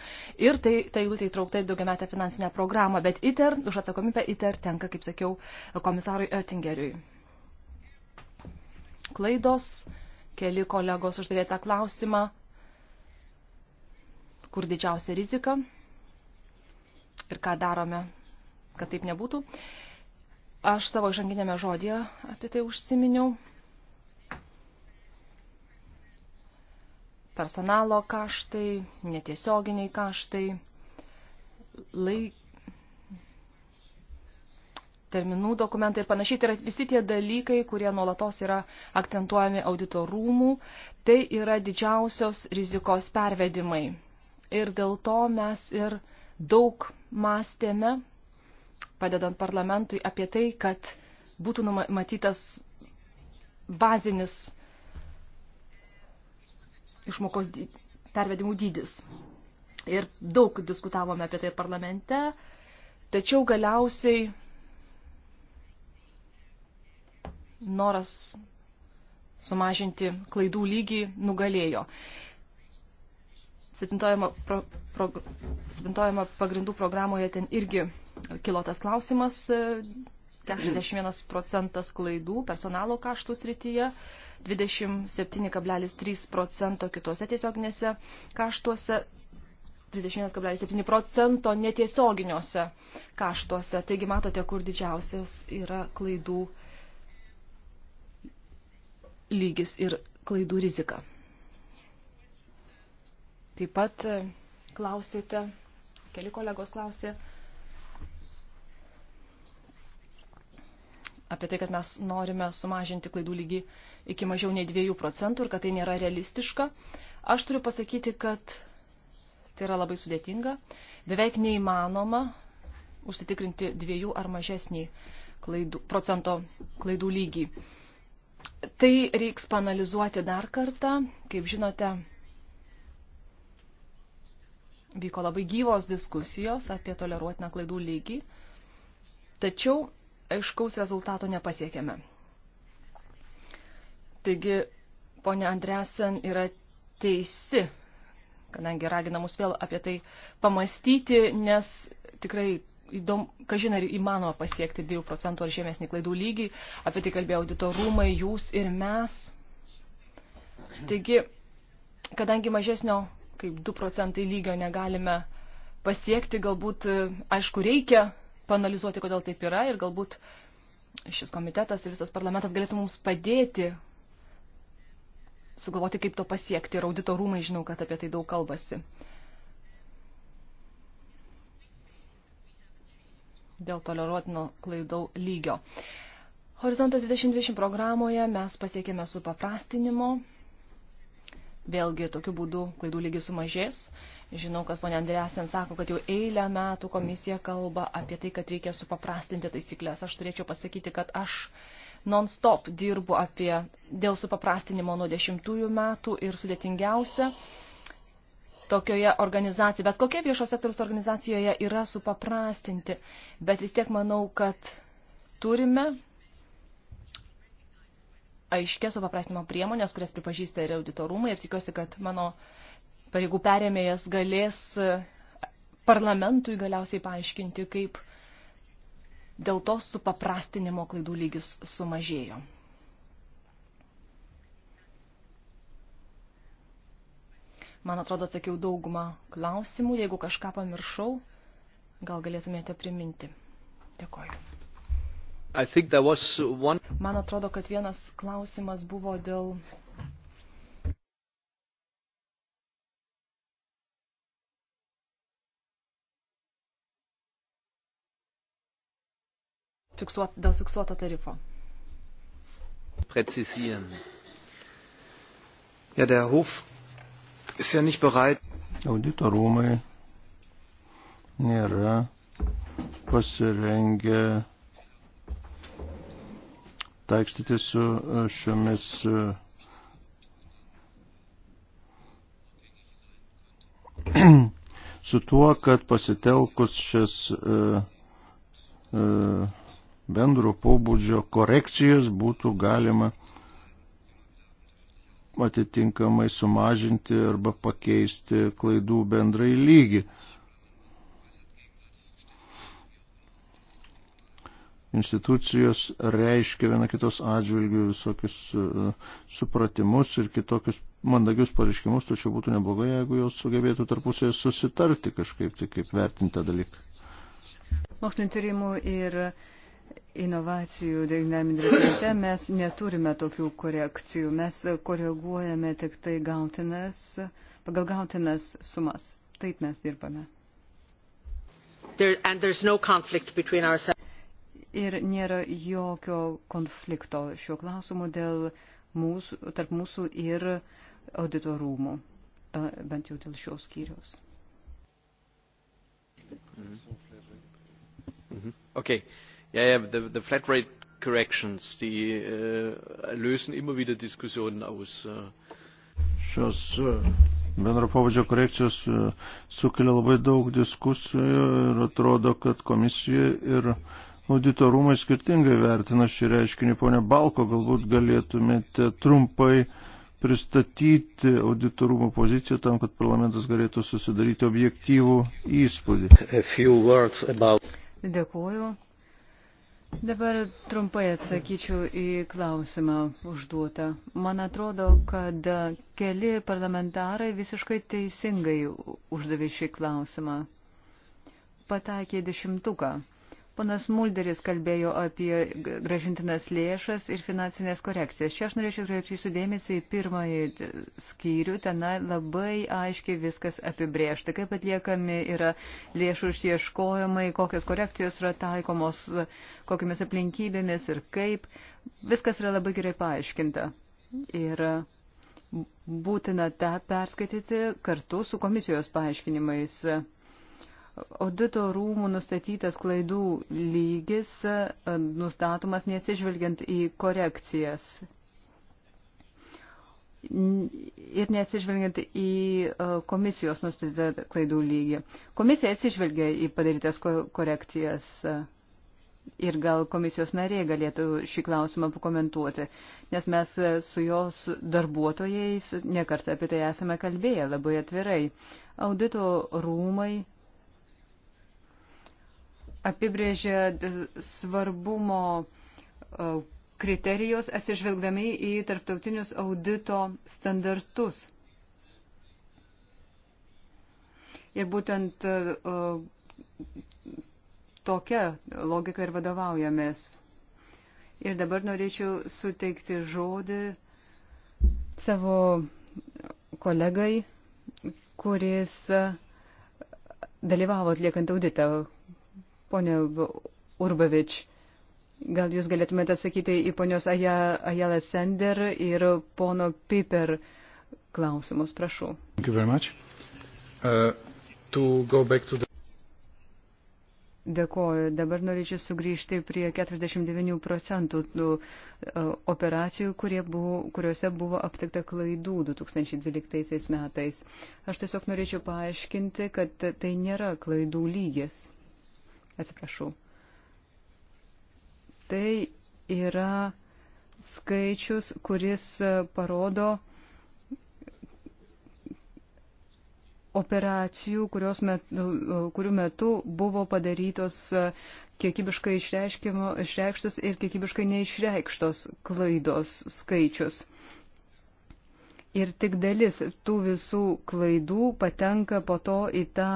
ir tai, ta eilutė įtraukta į daugiametę finansinę programą, bet ITER, už atsakomybę ITER tenka, kaip sakiau, komisarui Oettingeriui. Klaidos, keli kolegos uždavė tą klausimą, kur didžiausia rizika ir ką darome, kad taip nebūtų. Aš savo žanginėme žodėje apie tai užsiminiau personalo kaštai, netiesioginiai kaštai, laik, terminų dokumentai ir panašiai. Tai yra visi tie dalykai, kurie nuolatos yra akcentuojami audito rūmų, tai yra didžiausios rizikos pervedimai. Ir dėl to mes ir daug mąstėme, padedant parlamentui, apie tai, kad būtų numatytas bazinis išmokos pervedimų dydis. Ir daug diskutavome apie tai parlamente, tačiau galiausiai noras sumažinti klaidų lygį nugalėjo. Septintojama, pro, pro, septintojama pagrindų programoje ten irgi kilo tas klausimas 41 e, procentas klaidų personalo kaštų srityje. E, 27,3 procento kitose tiesioginėse kaštuose, 31,7 procento netiesioginiuose kaštuose. Taigi matote, kur didžiausias yra klaidų lygis ir klaidų rizika. Taip pat e, klausėte, keli kolegos klausė, apie tai, kad mes norime sumažinti klaidų lygį iki mažiau nei 2 procentų ir kad tai nėra realistiška. Aš turiu pasakyti, kad tai yra labai sudėtinga. Beveik neįmanoma užsitikrinti 2 ar mažesnį klaidų, procento klaidų lygį. Tai reiks panalizuoti dar kartą. Kaip žinote, vyko labai gyvos diskusijos apie toleruotiną klaidų lygį. Tačiau aiškaus rezultato nepasiekėme. Taigi, ponė Andresen yra teisi, kadangi ragina mus vėl apie tai pamastyti, nes tikrai įdom, kažin ar įmanoma pasiekti 2 procentų ar žemesnį klaidų lygį, apie tai kalbėjo auditorumai, jūs ir mes. Taigi, kadangi mažesnio kaip 2 procentai lygio negalime pasiekti, galbūt, aišku, reikia panalizuoti, kodėl taip yra ir galbūt šis komitetas ir visas parlamentas galėtų mums padėti sugalvoti, kaip to pasiekti. Ir audito rūmai žinau, kad apie tai daug kalbasi. Dėl toleruotino klaidau lygio. Horizontas 2020 programoje mes pasiekėme su paprastinimo. Vėlgi, tokiu būdu klaidų lygis sumažės. Žinau, kad ponė Andresen sako, kad jau eilę metų komisija kalba apie tai, kad reikia supaprastinti taisyklės. Aš turėčiau pasakyti, kad aš non-stop dirbu apie dėl supaprastinimo nuo dešimtųjų metų ir sudėtingiausia tokioje organizacijoje, bet kokia viešo sektoriaus organizacijoje yra supaprastinti. Bet vis tiek manau, kad turime aiškės supaprastinimo priemonės, kurias pripažįsta ir auditorumai ir tikiuosi, kad mano uh, pareigų perėmėjas galės e, parlamentui galiausiai paaiškinti, kaip dėl to supaprastinimo klaidų lygis sumažėjo. Man atrodo, atsakiau daugumą klausimų. Jeigu kažką pamiršau, gal galėtumėte priminti. Dėkoju. One... Man atrodo, kad vienas klausimas buvo dėl fiksuot, dėl fiksuoto tarifo. Precisieren. Ja, der Hof ist ja nicht bereit. Audito rūmai nėra pasirengę taikstyti su šiomis su tuo, kad pasitelkus šias uh, uh, bendro pobūdžio korekcijas būtų galima atitinkamai sumažinti arba pakeisti klaidų bendrai lygį. Institucijos reiškia viena kitos atžvilgių visokius uh, supratimus ir kitokius mandagius pareiškimus, tačiau būtų neblogai, jeigu jos sugebėtų tarpusėje susitarti kažkaip, tai kaip vertinti tą dalyką. Mokslinio tyrimų ir uh, inovacijų dainavimo direktorate mes neturime tokių korekcijų. Mes koreguojame tik tai gautinas, pagal gautinas sumas. Taip mes dirbame. There, no Ir nėra jokio konflikto šiuo klausimu dėl mūsų, tarp mūsų ir auditorumų, bent jau dėl šios skyriaus. Mhm. mhm. Okay. Ja, ja, the, the flat rate corrections, die äh, lösen immer wieder Diskussionen aus. Äh. Šios äh, bendro pavadžio korekcijos äh, sukelia labai daug diskusijų ir atrodo, kad komisija ir auditorumai skirtingai vertina šį reiškinį. Pone Balko, galbūt galėtumėte trumpai pristatyti auditorumo poziciją tam, kad parlamentas galėtų susidaryti objektyvų įspūdį. About... Dėkuoju. Dabar trumpai atsakyčiau į klausimą užduotą. Man atrodo, kad keli parlamentarai visiškai teisingai uždavė šį klausimą. Patakė dešimtuką. Panas Mulderis kalbėjo apie gražintinas lėšas ir finansinės korekcijas. Čia aš norėčiau kreipti jūsų dėmesį į pirmąjį skyrių. Tenai labai aiškiai viskas apibriežta, kaip atliekami yra lėšų išieškojimai, kokios korekcijos yra taikomos, kokiamis aplinkybėmis ir kaip. Viskas yra labai gerai paaiškinta. Ir būtina tą perskaityti kartu su komisijos paaiškinimais. Audito rūmų nustatytas klaidų lygis e, nustatomas nesižvelgiant į korekcijas ir nesižvelgiant į e, komisijos nustatytą klaidų lygį. Komisija atsižvelgia į padarytas korekcijas e, ir gal komisijos nariai galėtų šį klausimą pakomentuoti, nes mes su jos darbuotojais nekartą apie tai esame kalbėję labai atvirai. Audito rūmai apibrėžia svarbumo e, kriterijos atsižvelgdami į tarptautinius audito standartus. Ir būtent e, tokia logika ir vadovaujamės. Ir dabar norėčiau suteikti žodį savo kolegai, kuris e, dalyvavo atliekant auditą Pone Urbavič, gal jūs galėtumėte atsakyti į ponios Ajala Sender ir pono Piper klausimus, prašau. Uh, the... Dėkoju. Dabar norėčiau sugrįžti prie 49 procentų uh, operacijų, buvo, kuriuose buvo aptikta klaidų 2012 metais. Aš tiesiog norėčiau paaiškinti, kad tai nėra klaidų lygis atsiprašau. Tai yra skaičius, kuris e, parodo operacijų, metu, e, kurių metu buvo padarytos e, kiekybiškai išreikštos ir kiekybiškai neišreikštos klaidos skaičius. Ir tik dalis tų visų klaidų patenka po to į tą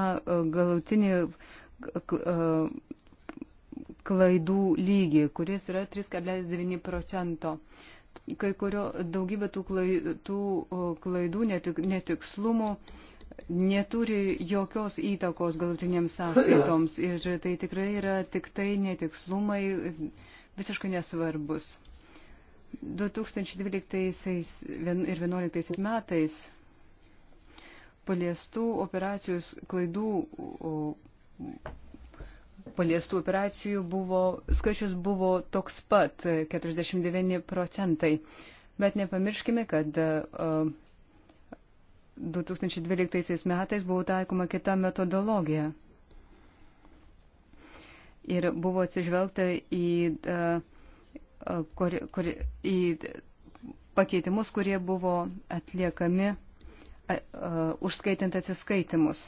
galutinį uh, E, klaidų lygį, kuris yra 3,9 procento. Kai kurio daugybė tų klaidų, klaidų netik, netikslumų neturi jokios įtakos galutiniams sąskaitoms ir tai tikrai yra tik tai netikslumai visiškai nesvarbus. 2012 ir 2011 metais paliestų operacijos klaidų paliestų operacijų buvo, skaičius buvo toks pat - 49 procentai. Bet nepamirškime, kad 2012 metais buvo taikoma kita metodologija. Ir buvo atsižvelgta į, kur, kur, į pakeitimus, kurie buvo atliekami užskaitant atsiskaitimus.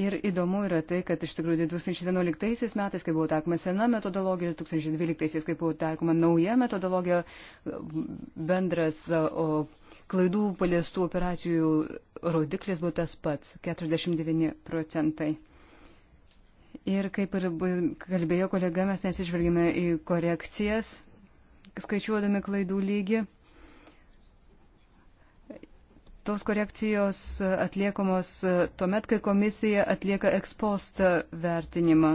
Ir įdomu yra tai, kad iš tikrųjų 2011 metais, kai buvo taikoma sena metodologija, 2012 kai buvo taikoma nauja metodologija, bendras o, klaidų paliestų operacijų rodiklis buvo tas pats - 49 procentai. Ir kaip ir kalbėjo kolega, mes nesižvelgime į korekcijas, skaičiuodami klaidų lygį. Tos korekcijos atliekamos e, tuomet, kai komisija atlieka ekspostą vertinimą.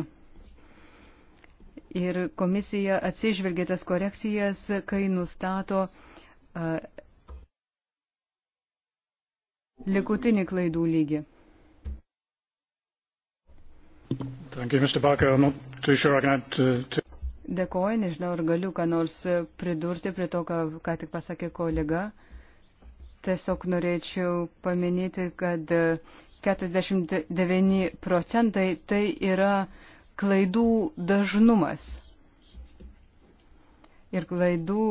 Ir komisija atsižvelgia tas korekcijas, kai nustato uh, likutinį klaidų lygį. Dėkoju, nežinau, ar galiu ką nors pridurti prie to, ką, ką tik pasakė kolega. Tiesiog norėčiau paminėti, kad 49 e, procentai tai yra klaidų dažnumas. Ir klaidų.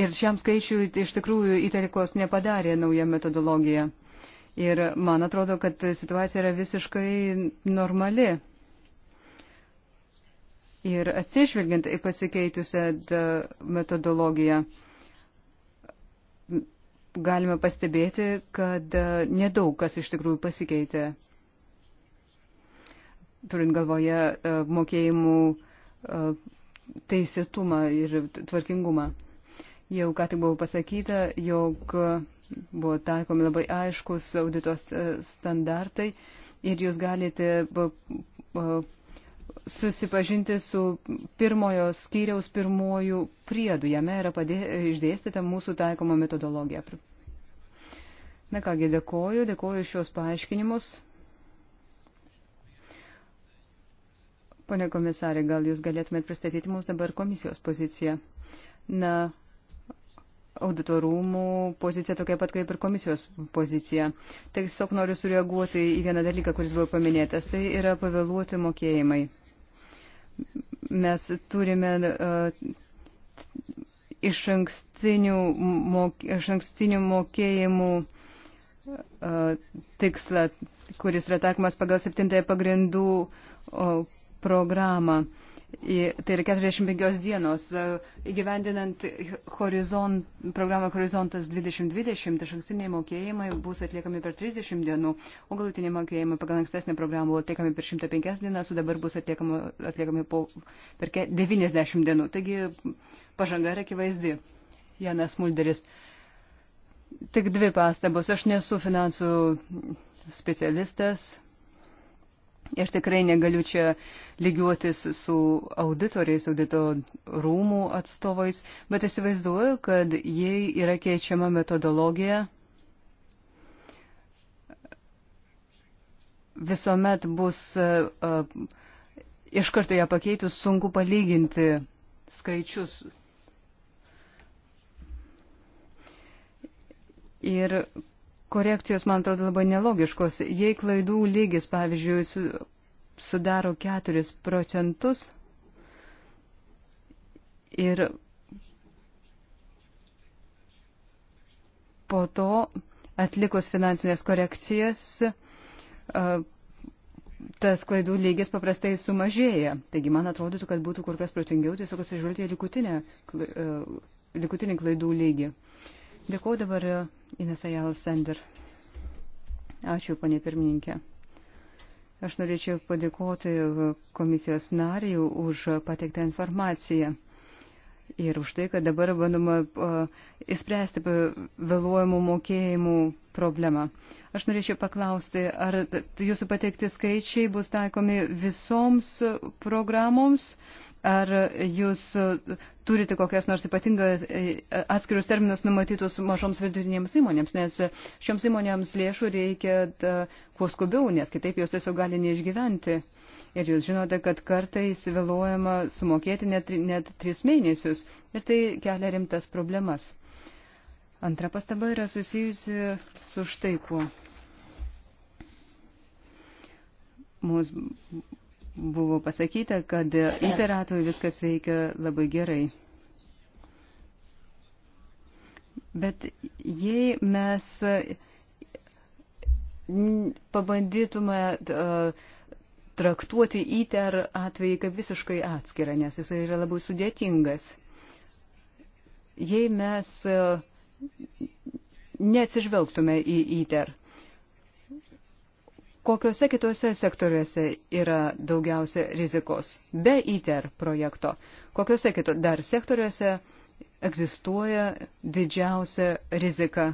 Ir šiam skaičiui iš tikrųjų įtarikos nepadarė nauja metodologija. Ir man atrodo, kad situacija yra visiškai normali. Ir atsižvelgiant į pasikeitusią metodologiją galime pastebėti, kad e, nedaug kas iš tikrųjų pasikeitė, turint galvoje e, mokėjimų e, teisėtumą ir tvarkingumą. Jau ką tik buvo pasakyta, jog buvo taikomi labai aiškus auditos standartai ir jūs galite susipažinti su pirmojo skyriaus pirmojų priedų. Jame yra padė, išdėstyta mūsų taikoma metodologija. Na kągi, dėkoju, dėkoju šios paaiškinimus. Pone komisarė, gal jūs galėtumėt pristatyti mums dabar komisijos poziciją? Na, auditorumų pozicija tokia pat kaip ir komisijos pozicija. Tiesiog noriu sureaguoti į vieną dalyką, kuris buvo paminėtas. Tai yra pavėluoti mokėjimai mes turime e, iš ankstinių, mok, iš ankstinių mokėjimų e, tikslą, kuris yra taikomas pagal septintąją pagrindų programą tai yra 45 dienos, e, įgyvendinant horizont, programą Horizontas 2020, išankstiniai mokėjimai bus atliekami per 30 dienų, o galutiniai mokėjimai pagal ankstesnę programą buvo atliekami per 105 dienas, o dabar bus atliekami, atliekami po, per 90 dienų. Taigi pažanga yra akivaizdi, Janas Mulderis. Tik dvi pastabos, aš nesu finansų specialistas, Aš tikrai negaliu čia lygiuotis su auditoriais, audito rūmų atstovais, bet įsivaizduoju, kad jei yra keičiama metodologija, visuomet bus uh, iš karto ją pakeitus sunku palyginti skaičius. Ir korekcijos, man atrodo, labai nelogiškos. Jei klaidų lygis, pavyzdžiui, su, sudaro 4 procentus ir po to atlikus finansinės korekcijas, tas klaidų lygis paprastai sumažėja. Taigi man atrodytų, kad būtų kur kas protingiau tiesiog atsižvelgti į likutinį klaidų lygį. Dėkuoju dabar e, Inesa Jalsender. Ačiū, ponė pirmininkė. Aš norėčiau padėkoti e, komisijos narijų už pateiktą informaciją ir už tai, kad dabar bandoma įspręsti vėluojamų mokėjimų problemą. Aš norėčiau paklausti, ar jūsų pateikti skaičiai bus taikomi visoms programoms, ar jūs turite kokias nors ypatingas e, atskirius terminus numatytus mažoms vidurinėms įmonėms, nes šioms įmonėms lėšų reikia kuo skubiau, nes kitaip jos tiesiog gali neišgyventi. Ir jūs žinote, kad kartais vėluojama sumokėti net, net tris mėnesius. Ir tai kelia rimtas problemas. Antra pastaba yra susijusi su štai kuo. Mums buvo pasakyta, kad interatui viskas veikia labai gerai. Bet jei mes pabandytume uh, traktuoti įter atvejį kaip visiškai atskirą, nes jis yra labai sudėtingas. Jei mes e, neatsižvelgtume į įter, kokiuose kitose sektoriuose yra daugiausia rizikos be ITER projekto, kokiuose kito dar sektoriuose egzistuoja didžiausia rizika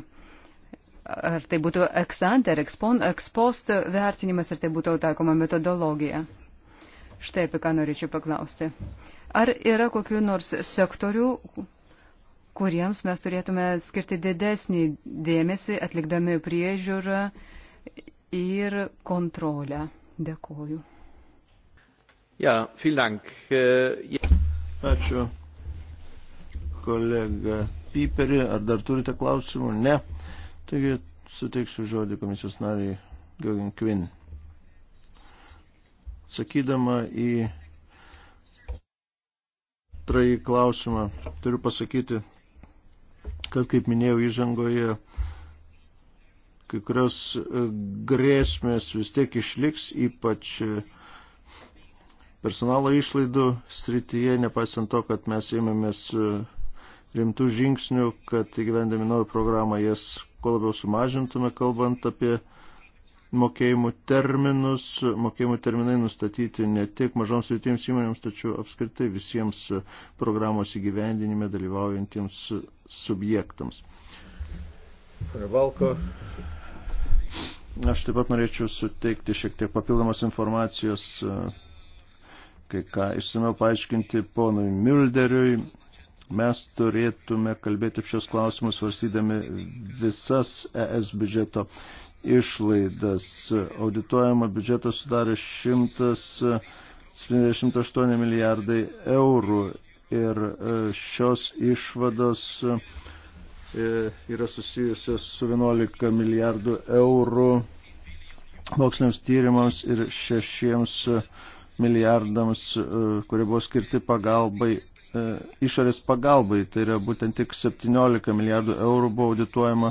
Ar tai būtų eksante, ar ekspost vertinimas, ar tai būtų taikoma metodologija. Štai apie ką norėčiau paklausti. Ar yra kokiu nors sektorių, kuriems mes turėtume skirti didesnį dėmesį, atlikdami priežiūrą ir kontrolę? Dėkoju. Ja, dank. Äh, Ačiū. Kolega Piperi, ar dar turite klausimų? Ne. Taigi suteiksiu žodį komisijos nariai Gagin Quinn. Sakydama į antrąjį klausimą turiu pasakyti, kad kaip minėjau įžangoje, kai kurios e, grėsmės vis tiek išliks, ypač e, personalo išlaidų srityje, nepaisant to, kad mes ėmėmės e, rimtų žingsnių, kad įgyvendami naują programą jas kuo labiau sumažintume, kalbant apie mokėjimų terminus. Mokėjimų terminai nustatyti ne tik mažoms rytiems įmonėms, tačiau apskritai visiems programos įgyvendinime dalyvaujantiems subjektams. Valko. Aš taip pat norėčiau suteikti šiek tiek papildomos informacijos, kai ką išsameu paaiškinti ponui Mülderiui mes turėtume kalbėti šios klausimus, svarstydami visas ES biudžeto išlaidas. Audituojama biudžeto sudarė 178 milijardai eurų ir e, šios išvados e, yra susijusios su 11 milijardų eurų moksliniams tyrimams ir 6 milijardams, e, kurie buvo skirti pagalbai E, išorės pagalbai, tai yra būtent tik 17 milijardų eurų buvo audituojama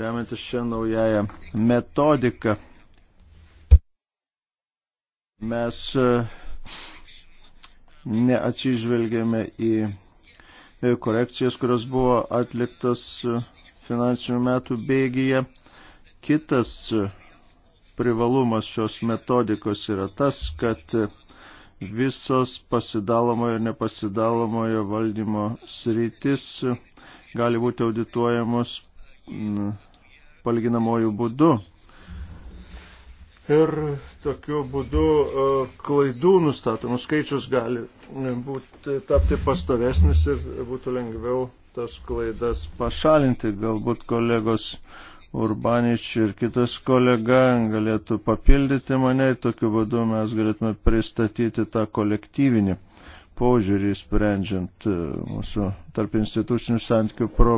remiantis šią naująją metodiką. Mes e, neatsižvelgėme į e, korekcijas, kurios buvo atliktas finansinių metų bėgyje. Kitas privalumas šios metodikos yra tas, kad visos pasidalomojo ir nepasidalomojo valdymo sritis gali būti audituojamos mm, palyginamojų būdu. Ir tokiu būdu e, klaidų nustatomų skaičius gali e, būti, tapti pastovesnis ir būtų lengviau tas klaidas pašalinti. Galbūt kolegos Urbanič ir kitas kolega galėtų papildyti mane ir tokiu būdu mes galėtume pristatyti tą kolektyvinį požiūrį sprendžiant e, mūsų tarp institucinių santykių pro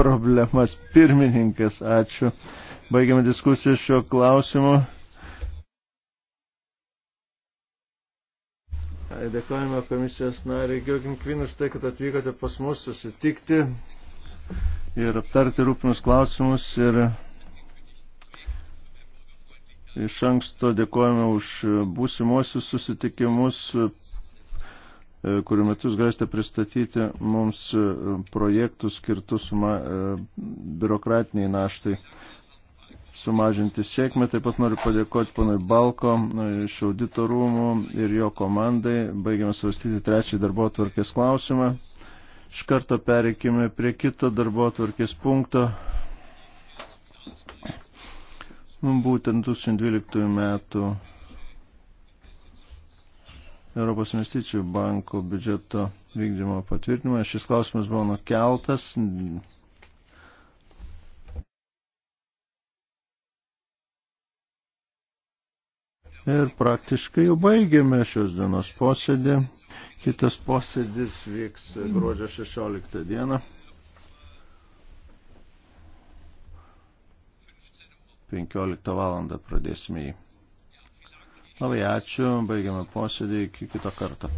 problemas. Pirmininkas, ačiū. Baigiame diskusiją šio klausimu. Dėkojame komisijos nariai Giogin Kvinus tai, kad atvykote pas mus susitikti ir aptarti rūpinus klausimus ir iš anksto dėkojame už būsimosius susitikimus, e, kuriuo metu jūs galite pristatyti mums e, projektus skirtus suma, e, biurokratiniai naštai sumažinti sėkmę. Taip pat noriu padėkoti panui Balko iš audito rūmų ir jo komandai. Baigiame svarstyti trečią darbo tvarkės klausimą. Iš karto pereikime prie kito darbo atvarkės punkto. Būtent 2012 metų Europos investicijų banko biudžeto vykdymo patvirtinimą. Šis klausimas buvo nukeltas. Ir praktiškai jau baigėme šios dienos posėdį. Kitas posėdis vyks gruodžio 16 dieną. 15 valandą pradėsime jį. Labai ačiū, baigiame posėdį iki kito karto.